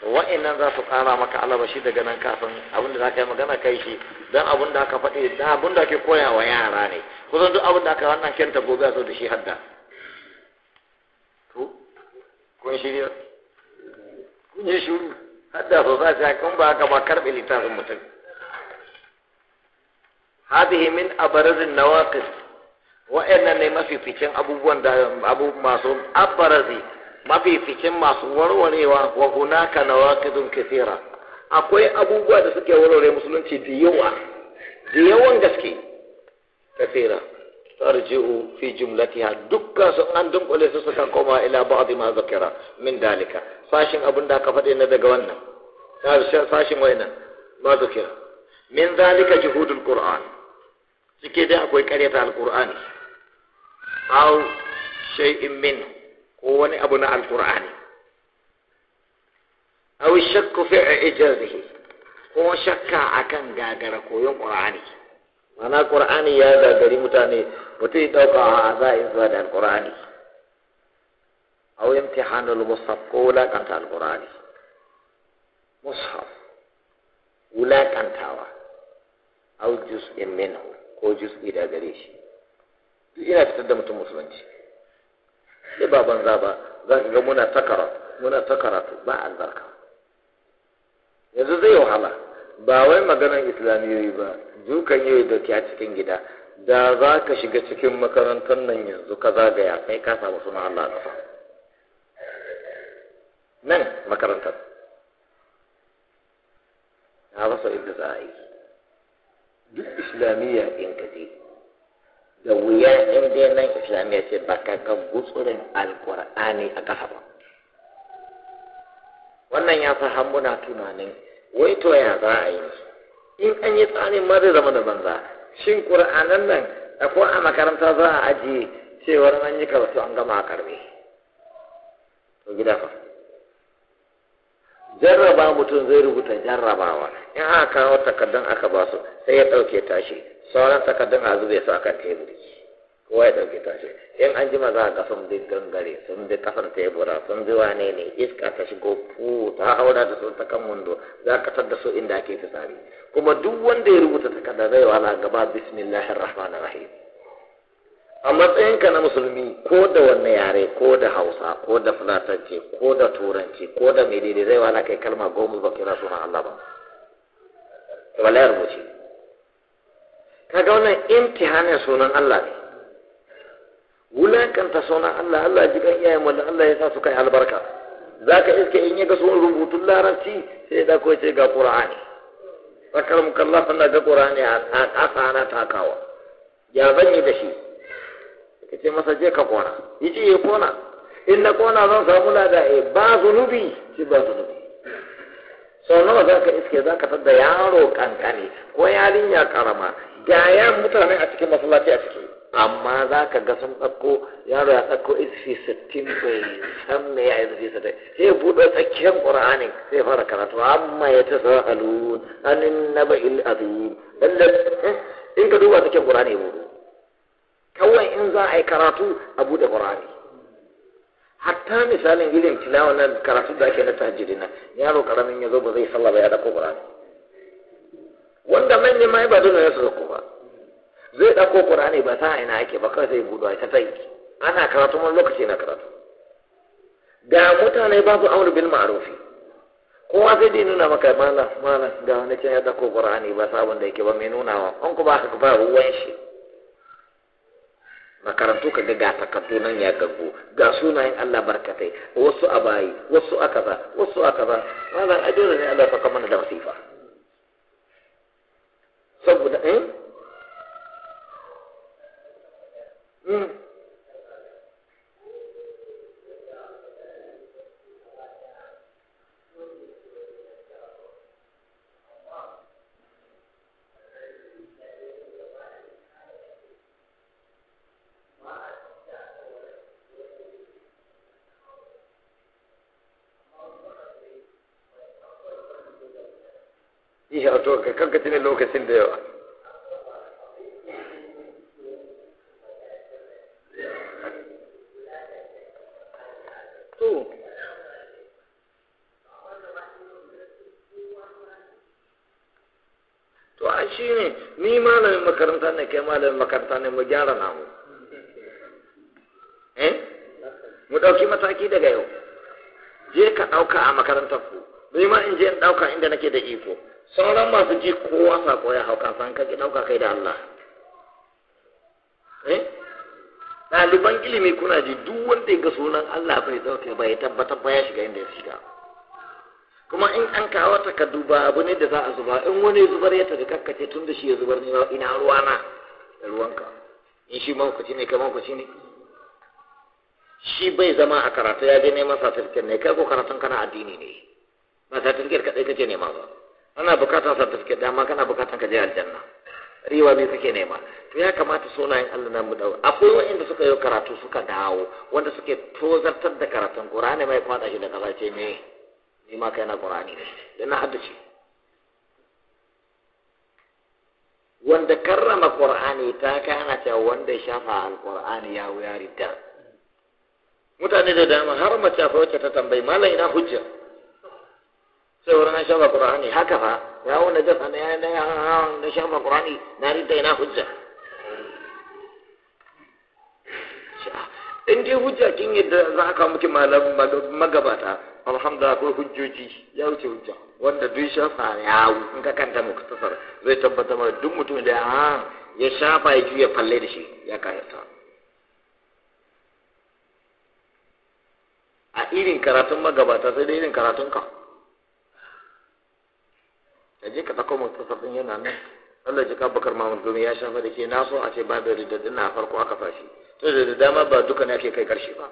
wa'annan za su kara maka alaba shi daga nan kafin abin da za ka yi magana kai shi don abin da aka faɗi da abin da ake koya wa yara ne kusan duk abin da aka wannan kyanta gobe a da shi hadda to kun shirya kun yi shuru hadda so za ta kun ba haka ba karɓe littafin mutum هذه من أبرز النواقص wa'annan ne mafificin abubuwan da abu masu abbarazi mafificin masu warwarewa wa hunaka wakidun kafira. akwai abubuwa da suke warware musulunci da yawa da yawan gaske Kafira tarji'u fi jumlatiha dukka su an dunkule su suka koma ila ba'd ma zakara min dalika sashin abin da aka faɗi na daga wannan sashin wayannan ma zakara min dalika juhudul qur'an suke dai akwai ƙaryata alqur'ani aw shay'in min ko wani abu na alqur'ani aw shakku fi ijazihi ko shakka akan gagara koyon qur'ani mana qur'ani ya gagari mutane mutum ya dauka a za in zuwa da alqur'ani aw imtihanul mushaf ko wulaƙanta alqur'ani mushaf wulaƙantawa aw juz'in minhu ko juz'i da gare shi duk ina fitar da mutum musulunci sai ba banza ba za ka ga muna ta karatu muna ta karatu ba albarka yanzu zai wahala ba wai maganar islamiyoyi ba dukan yau da ke a cikin gida da za ka shiga cikin makarantar nan yanzu ka zagaya kai ka samu suna Allah na fa nan makarantar na rasa inda za a yi duk islamiyya in ka je da wuya in dai nan islamiyya ce ba ka ga gutsurin alkur'ani a ƙasa ba wannan ya sa na tunanin wai to ya za a yi in an yi tsarin ma zai zama da banza shin ƙur'anan nan ko a makaranta za a ajiye cewar an yi karatu an gama a karbe to gida fa jarraba mutum zai rubuta jarrabawa in aka kawo takardun aka ba su sai ya ɗauke tashi sauran takardun a zube su akan teburi kowa ya ɗauki tashi in an jima za a ga sun bi gangare sun bi kasan tebura sun bi wane ne iska ta shigo fu ta haura da sun ta kan wando za ka da su inda ake fitsari kuma duk wanda ya rubuta takarda zai wala gaba bismillahir rahmanir rahim a matsayinka na musulmi ko da wanne yare ko da hausa ko da fulatanci ko da turanci ko da mai daidai zai wala kai kalma goma ba kira suna Allah ba. Wala ya rubuce. kaga wannan imtihanin sunan Allah ne wulakanta sunan Allah Allah ji kan iyayen wanda Allah ya sa su kai albarka zaka iske in ya ga rubutun larabci sai da ko ce ga qur'ani sakar mukallafin da ga qur'ani a kasa na takawa ya zan yi da shi kace masa je ka kona yace ya kona in na kona zan samu lada eh ba zunubi shi ba zunubi sau nawa za ka iske za ka tadda yaro kankani ko yarinya karama Yaya mutane a cikin masallaci a ciki amma za ka ga sun ɗauko yaro ya ɗauko isfi sittin bai san me ya izfi sittin sai buɗe tsakiyar ƙur'ani sai fara karatu amma ya ta sa alun anin na ba il azim eh, in ka duba tsakiyar ƙur'ani ya buɗe kawai in za a yi karatu a buɗe ƙur'ani hatta misalin irin tilawa na karatu da ake na tajiri na yaro karamin ya zo ba zai sallah ba ya ɗauko ƙur'ani wanda manya ma ba dole ne su zako ba zai ɗauko ƙur'ani ba sa ina ake ba kawai sai buɗuwa ta ta yi ana karatu wani lokaci na karatu da mutane babu amru bin ma'rufi kowa sai dai nuna maka malam malam ga wani can ya ɗauko ƙur'ani ba sabon da yake ba mai nunawa an ku ba haka ba ruwan shi makarantu ka ga takardu nan ya gaggo ga sunayen Allah barkatai wasu a wasu a kaza wasu a kaza malam ne Allah ya saka mana da masifa saboda ɗaya eh? hmm. abin da nake da iko sauran masu ji kowa sako ya hauka san ka ki kai da Allah eh? ɗaliban ilimi kuna ji duk wanda ya ga sunan Allah bai dauke ba ya tabbatar ba ya shiga inda ya shiga kuma in an kawo takardu ba abu ne da za a zuba in wani zubar ya tafi kakkace tun da shi ya zubar ne ina ruwa na da ruwanka in shi mahaukaci ne kai mahaukaci ne shi bai zama a karatu ya je neman satifiket ne kai ko karatun kana addini ne ba certificate kadai kake nema ba ana bukatar certificate dama kana buƙatar ka je aljanna riwa ne suke nema to ya kamata sunayen Allah na mudau akwai wanda suka yi karatu suka dawo wanda suke tozartar da karatun Qur'ani mai kwada shi da kaza ce me ni ma kai na Qur'ani ne yana haddace wanda karrama Qur'ani ta kai ana cewa wanda shafa al-Qur'ani ya wuya ridda mutane da dama har mace wacce ta tambayi malam ina hujja sai wurin na shafa qur'ani haka fa ya na jasa na yana na shafa qur'ani na rita ina hujja in dai hujja kin yadda za ka muke malam magabata alhamdulillah akwai hujjoji ya wuce hujja wanda duk shafa ya in ka kanta mu kasar zai tabbata mana duk mutum da ya shafa ya juya falle da shi ya karanta a irin karatun magabata sai da irin karatun ka ka je ka ɗauko mutasar ɗin yana nan Allah ji bakar Muhammad Gumi ya shafa da ke na so a ce babu ridaddin na farko aka fashi to da dama ba duka ne ake kai karshe ba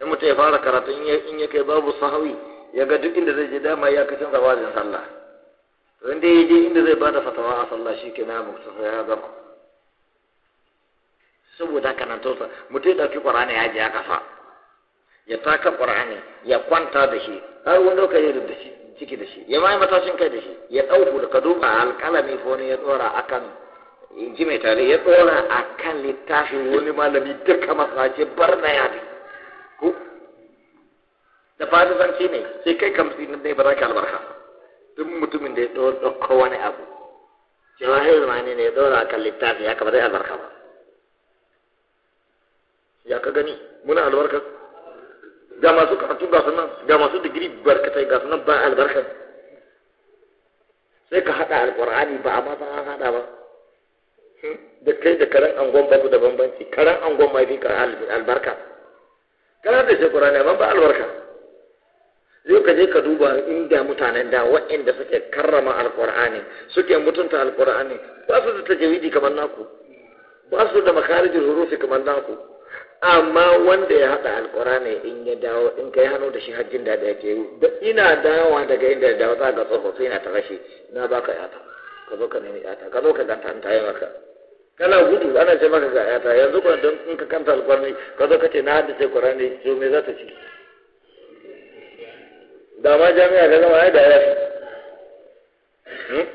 in mutum ya fara karatu in ya kai babu sahawi ya ga duk inda zai je dama ya kacin zawajin sallah to inda ya je inda zai bada fatawa a sallah shi ke na mustafa ya gama saboda haka nan tosa mutum ya ɗauki ƙwarane ya je ya fa. ya taka ƙwarane ya kwanta da shi har wani lokaci da shi ciki da shi ya mai matashin kai da shi ya ɗauku da ka duba alƙalami ko ne ya tsora akan in ji mai tare ya tsora akan littafin wani malami duka masace bar na ya bi ko da fatisanci ne sai kai kamsi na dai ba za ka albarka duk mutumin da ya ɗauko wani abu jawahir mani ne ya ɗora akan littafin ya kamar zai albarka ba ya ka gani muna albarka ga masu karatu ga sunan ga masu digiri barkatai ga sunan ba albarka sai ka hada alqur'ani ba a ma ba hada hmm? ba da kai da karan angon ba ku da bambanci karan angon ma fi albarka kana da shi qur'ani amma ba albarka zai ka je ka duba inda mutanen da waɗanda suke karrama alqur'ani suke mutunta alqur'ani ba su da tajawidi kamar naku ba su da makarijin hurufi kamar naku amma wanda ya haɗa alkurani in ya dawo in kai hannu da shi hajjin da da yake da ina dawowa daga inda da dawo za ga tsoho sai na ta rashe na baka yata ka zo ka nemi yata ka zo ka ganta an tayi maka kana gudu ana ce maka ga yata yanzu kuma don in ka kanta alkurani ka zo ka ce na haddace kurani to me za ta ci da ma jami'a ka zama ai da yafi hmm?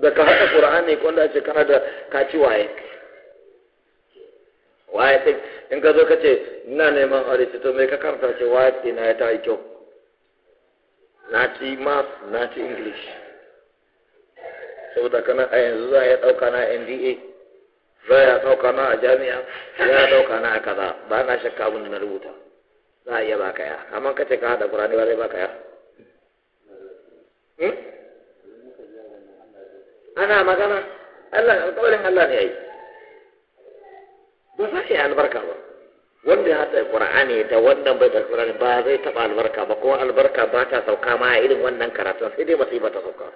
da ka haɗa kurani ko da ce kana da ka ci waye waye sai in ka zo ka ce ina neman aure to me ka karanta ce waye ce na ya ta yi kyau na ci math na ci english saboda kana a yanzu za ya ɗauka na nda za ya ɗauka na a jami'a ya ɗauka na a kaza ba na shakka abin na rubuta za a iya baka ya amma ka ce ka haɗa kurani ba zai baka ya hmm? ana magana Allah alƙawarin Allah ne ya yi ba za yi albarka ba wanda ya haɗa ƙura'ani da wannan bai da ƙura'ani ba zai taɓa albarka ba kuma albarka ba ta sauka ma a irin wannan karatun sai dai masifa ta sauka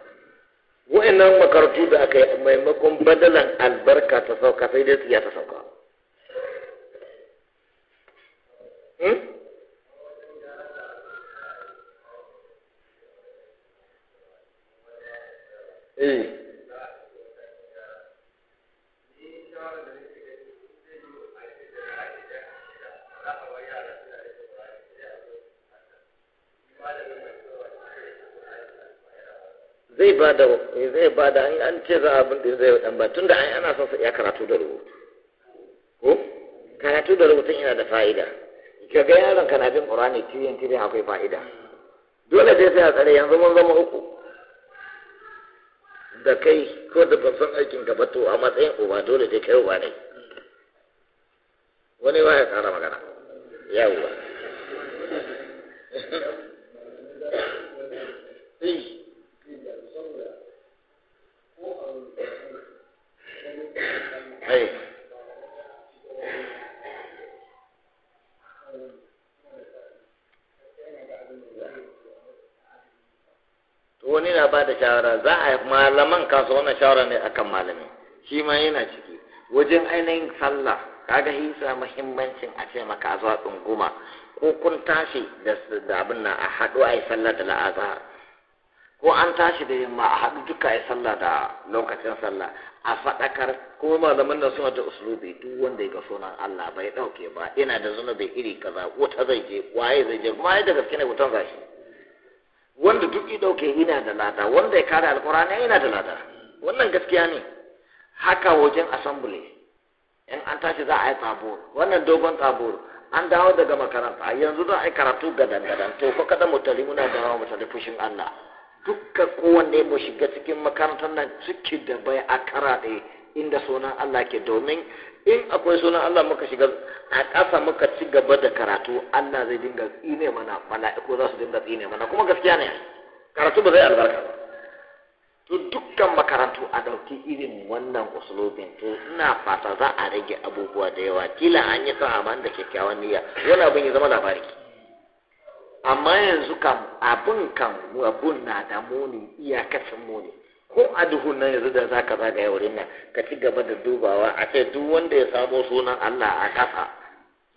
wa'annan makarantu da aka yi maimakon badalan albarka ta sauka sai dai tsiya ta sauka hmm? Eh. zai ba da zai ba da an ce za a bin zai dan ba tunda ai ana son sa iya karatu da rubutu ko karatu da rubutun yana da fa'ida ka ga yaron kana bin qur'ani tiyin tiyin akwai fa'ida dole sai sai a tsare yanzu mun zama uku da kai ko da ban san aikin ka ba to a matsayin uba dole dai kai uba ne wani ba ya tsara magana yawwa ba da shawara za a malaman kansu wannan shawara ne akan malami shi ma yana ciki wajen ainihin sallah kaga hisa muhimmancin a ce maka zuwa tsunguma ko kun tashi da abin nan a haɗu a yi sallah da la'aza ko an tashi da yamma a haɗu duka a yi sallah da lokacin sallah a faɗakar kuma malaman nan suna da usulubi duk wanda ya ga sunan Allah bai ɗauke ba ina da zunubi iri kaza wuta zai je waye zai je kuma da gaske ne wutan zashi wanda duk ya ɗauke yana da lada wanda ya kare alkurani yana da lada wannan gaskiya ne haka wajen assembly in an tashi za a yi tsabur wannan dogon tsabur an dawo daga makaranta yanzu za a yi karatu gadan gadan to ko kada mutali muna dawo masa da fushin Allah dukka kowanne mu shiga cikin makarantar nan ciki da bai a kara inda sunan Allah ke domin in akwai sunan Allah muka shiga a ƙasa muka ci gaba da karatu Allah zai dinga tsine mana mala'iku za su dinga tsine mana kuma gaskiya ne karatu ba zai albarka ba to dukkan makarantu a dauki irin wannan usulobin to ina fata za a rage abubuwa da yawa kila an yi sa'a amma da kyakkyawan niyya wani abin ya zama labari amma yanzu kam abun kam abun na da muni iyakacin muni ko a duhun nan yanzu da za ka zagaya wurin nan ka ci gaba da dubawa a ce duk wanda ya samo sunan Allah a kasa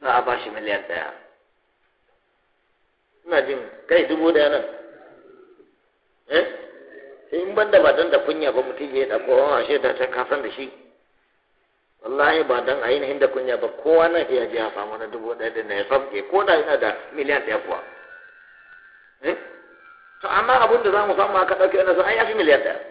za a ba shi miliyan ɗaya ina jin kai dubu ɗaya nan eh in ban da ba don da kunya ba mutum ya da kowa ashe da ta kasan da shi wallahi ba don ainihin da kunya ba kowa na iya ji a samu na dubu ɗaya da na ya sabke ko da yana da miliyan ɗaya kuwa eh to amma abin da za mu samu aka ɗauke wani su an yafi miliyan ɗaya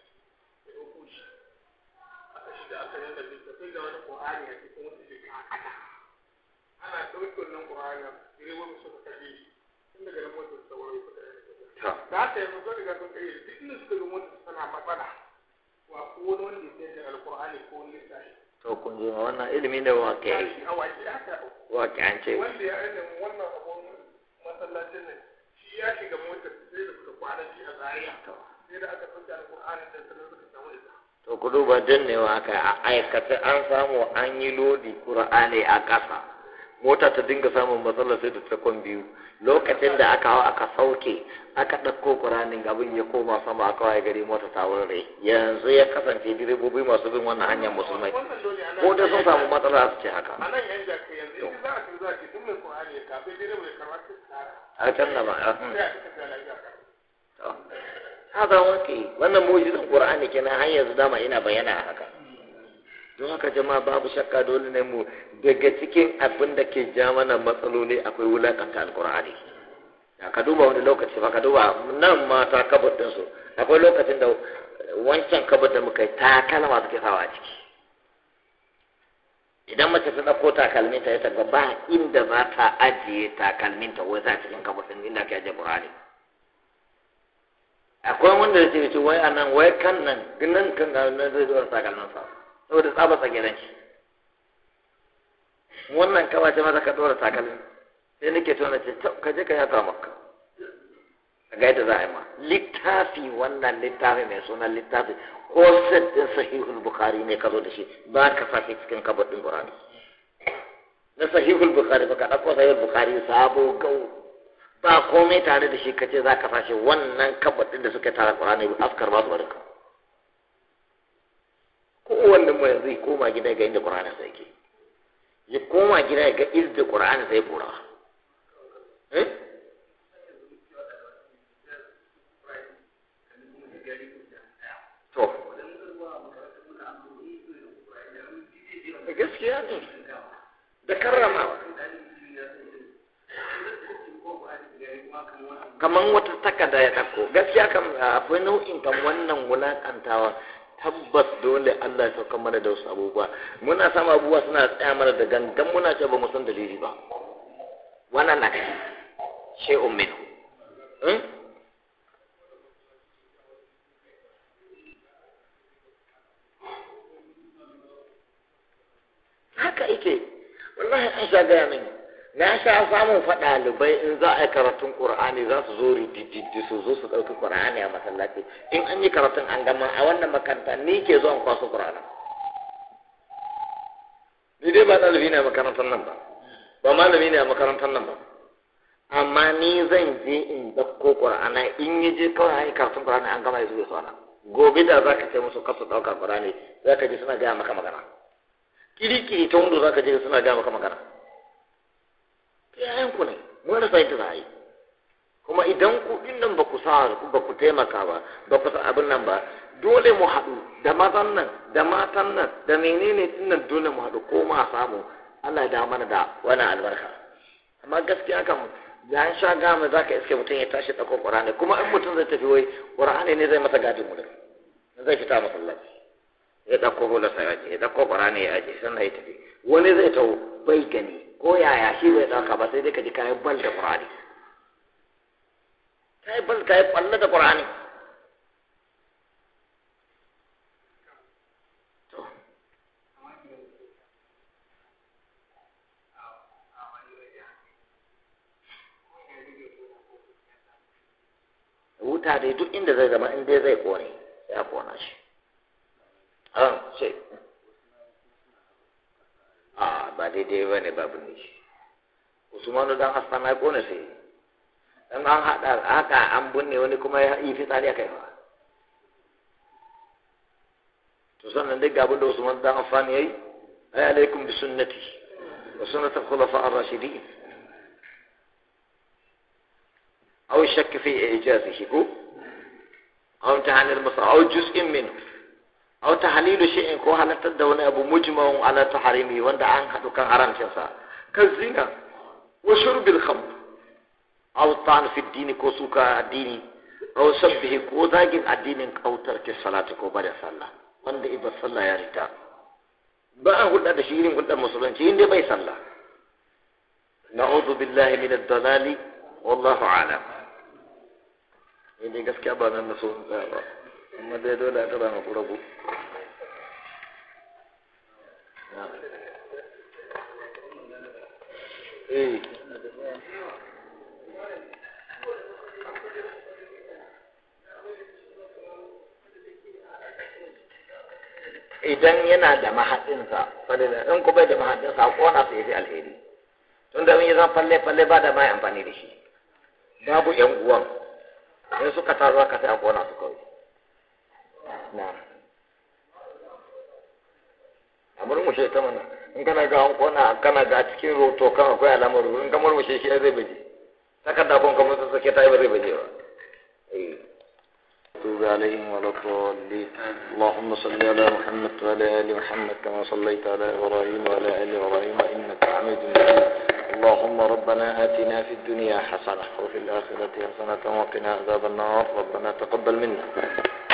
aka shiga aka yanka da wani ƙorani a cikin wani a ana ɗauki wannan ƙorani direbobin suka kashe tun daga nan motar saurayi suka yanka da haka yanzu sun sun kai duk inda suka ga motar matsala wa ko wani wanda ya sayar da ko wani littafi to kun ji wannan ilimi da wake yi wake an ce wanda ya ilimin wannan abun masallacin ne shi ya shiga motar sai da suka kwana shi a zaria sai da aka ɗauki alƙur'ani da sanar suka samu isa to ku duba dannewa aka a aikata an samu an yi lodi kur'ani a ƙasa mota ta dinga samun matsala sai da takon biyu lokacin da aka hau aka sauke aka ɗauko ƙuranin abin ya koma sama aka waye gari mota ta wurare yanzu ya kasance direbobi masu bin wannan hanyar musulmai ko da sun samu matsala su ce haka hada wake wannan mu'jizan qur'ani kenan har yanzu dama ina bayyana haka don haka jama'a babu shakka dole ne mu daga cikin abin da ke ja mana matsaloli akwai wulakanta alqur'ani ka duba wani lokaci ba ka duba nan mata din su akwai lokacin da wancan kabar da muka yi takalma suke sawa ciki idan mace ta ɗauko takalminta ya taga ba inda za ta ajiye takalminta wai za cikin kabar ɗin inda ke ajiye kur'ani. akwai wanda ya ce ce wai a nan wai kan nan nan kan ga wani zai zuwa sakalman sa saboda tsaba sa gidan shi wannan kama ce masa ka dora takalmi sai nake tona ce ka je ka yata maka a ga yadda za a yi ma littafi wannan littafi mai suna littafi ko saddin sahihul bukari ne ka zo da shi ba ka sa cikin kabar din na sahihul bukari ba ka ɗauko sahihul bukari sabo gau ba komai tare da shi kace za ka fashe wannan kabaɗin da suka tara ƙur'ani ba afkar ba su bari ka kowanne mu yanzu ya koma gida ga inda ƙur'anin sai yake ya koma gida ga inda ƙur'anin sai bura eh to gaskiya ne da karrama kaman wata takarda ya ɗauko gaskiya kam akwai nau'in kan wannan wulakantawa tabbas dole Allah ya sauka mana da wasu abubuwa muna sama abubuwa suna tsaya mana da gangan muna ce ba mu san dalili ba wannan na kai shi ummin haka ike wallahi an sha gaya mini na sha samun faɗa faɗalibai in za a yi karatun ƙur'ani za su zo rididdi su zo su ɗauki ƙur'ani a masallaci in an yi karatun an gama a wannan makaranta ni ke zuwa kwaso ƙur'ani ni dai ba ɗalibi ne a makarantar nan ba ba malami ne a makarantar nan ba amma ni zan je in ɗauko ƙur'ana in yi je kawai an yi karatun ƙur'ani an gama ya zuwa so ana gobe da za ka ce musu kasu ɗaukar ƙur'ani za ka je suna gaya maka magana kiri-kiri ta wanda za ka je suna gaya maka magana yayan ku ne mun rasa yadda za a yi kuma idan ku din nan ba ku sa ba ku taimaka ba ba ku san abin nan ba dole mu haɗu da mazan nan da matan nan da menene din nan dole mu haɗu ko ma samu Allah ya mana da wani albarka amma gaskiya kam ya sha gama za ka iske mutum ya tashi ɗaukar ƙur'ani kuma in mutum zai tafi wai ƙur'ani ne zai masa gadin na zai fita masallaci ya ɗauko hula sai ya ɗauko ƙur'ani ya aje sannan ya tafi wani zai taho bai gani ko yaya shi bai ɗauka ba sai dai ka ji kayan bal da ƙur'ani kayan bal kayan ɓalla da ƙur'ani wuta dai duk inda zai zama in dai zai kone ya kona shi. sai a ba daidai ba ne babu ne shi usmanu dan hassan ya kone sai dan an hada aka an bunne wani kuma ya yi aka a ba, to sannan duk ga da usman dan hassan ya yi ay alaikum bi sunnati wa sunnati khulafa ar-rashidin aw shakk fi ijazihi ko aw tahanir masa aw juz'in minhu aw halilu shay'in ko halartar da wani abu mujma'un ala tahrimi wanda an hadu kan haramcin sa kan zina wa shurbil khamr aw tan fi din ko suka addini aw sabbihi ko zagin addinin kautar ke salati ko bada sallah wanda iba sallah ya rita ba a hudda da shirin hudda musulunci inda bai sallah na'udhu billahi min ad-dalali wallahu a'lam ni gaskiya ba nan na so ba amma dai dole a taba maku rabu eh idan yana da mahaɗinsa falila in ku bai da mahaɗinsa ko na su yi alheri tun da ya zan falle falle ba da mai amfani da shi babu yan uwan sai suka taruwa ka sai a kona su kawai نعم a murmushe ta mana in kana ga hankona cikin roto kan akwai alamar in ka murmushe shi zai baje takarda kun kamar ta sake ta yi ba zai baje ba تتوب عليهم ولا الضالين اللهم صل على محمد وعلى آل محمد كما صليت على إبراهيم وعلى آل إبراهيم إنك حميد مجيد اللهم ربنا آتنا في الدنيا حسنة وفي الآخرة حسنة وقنا عذاب النار ربنا تقبل منا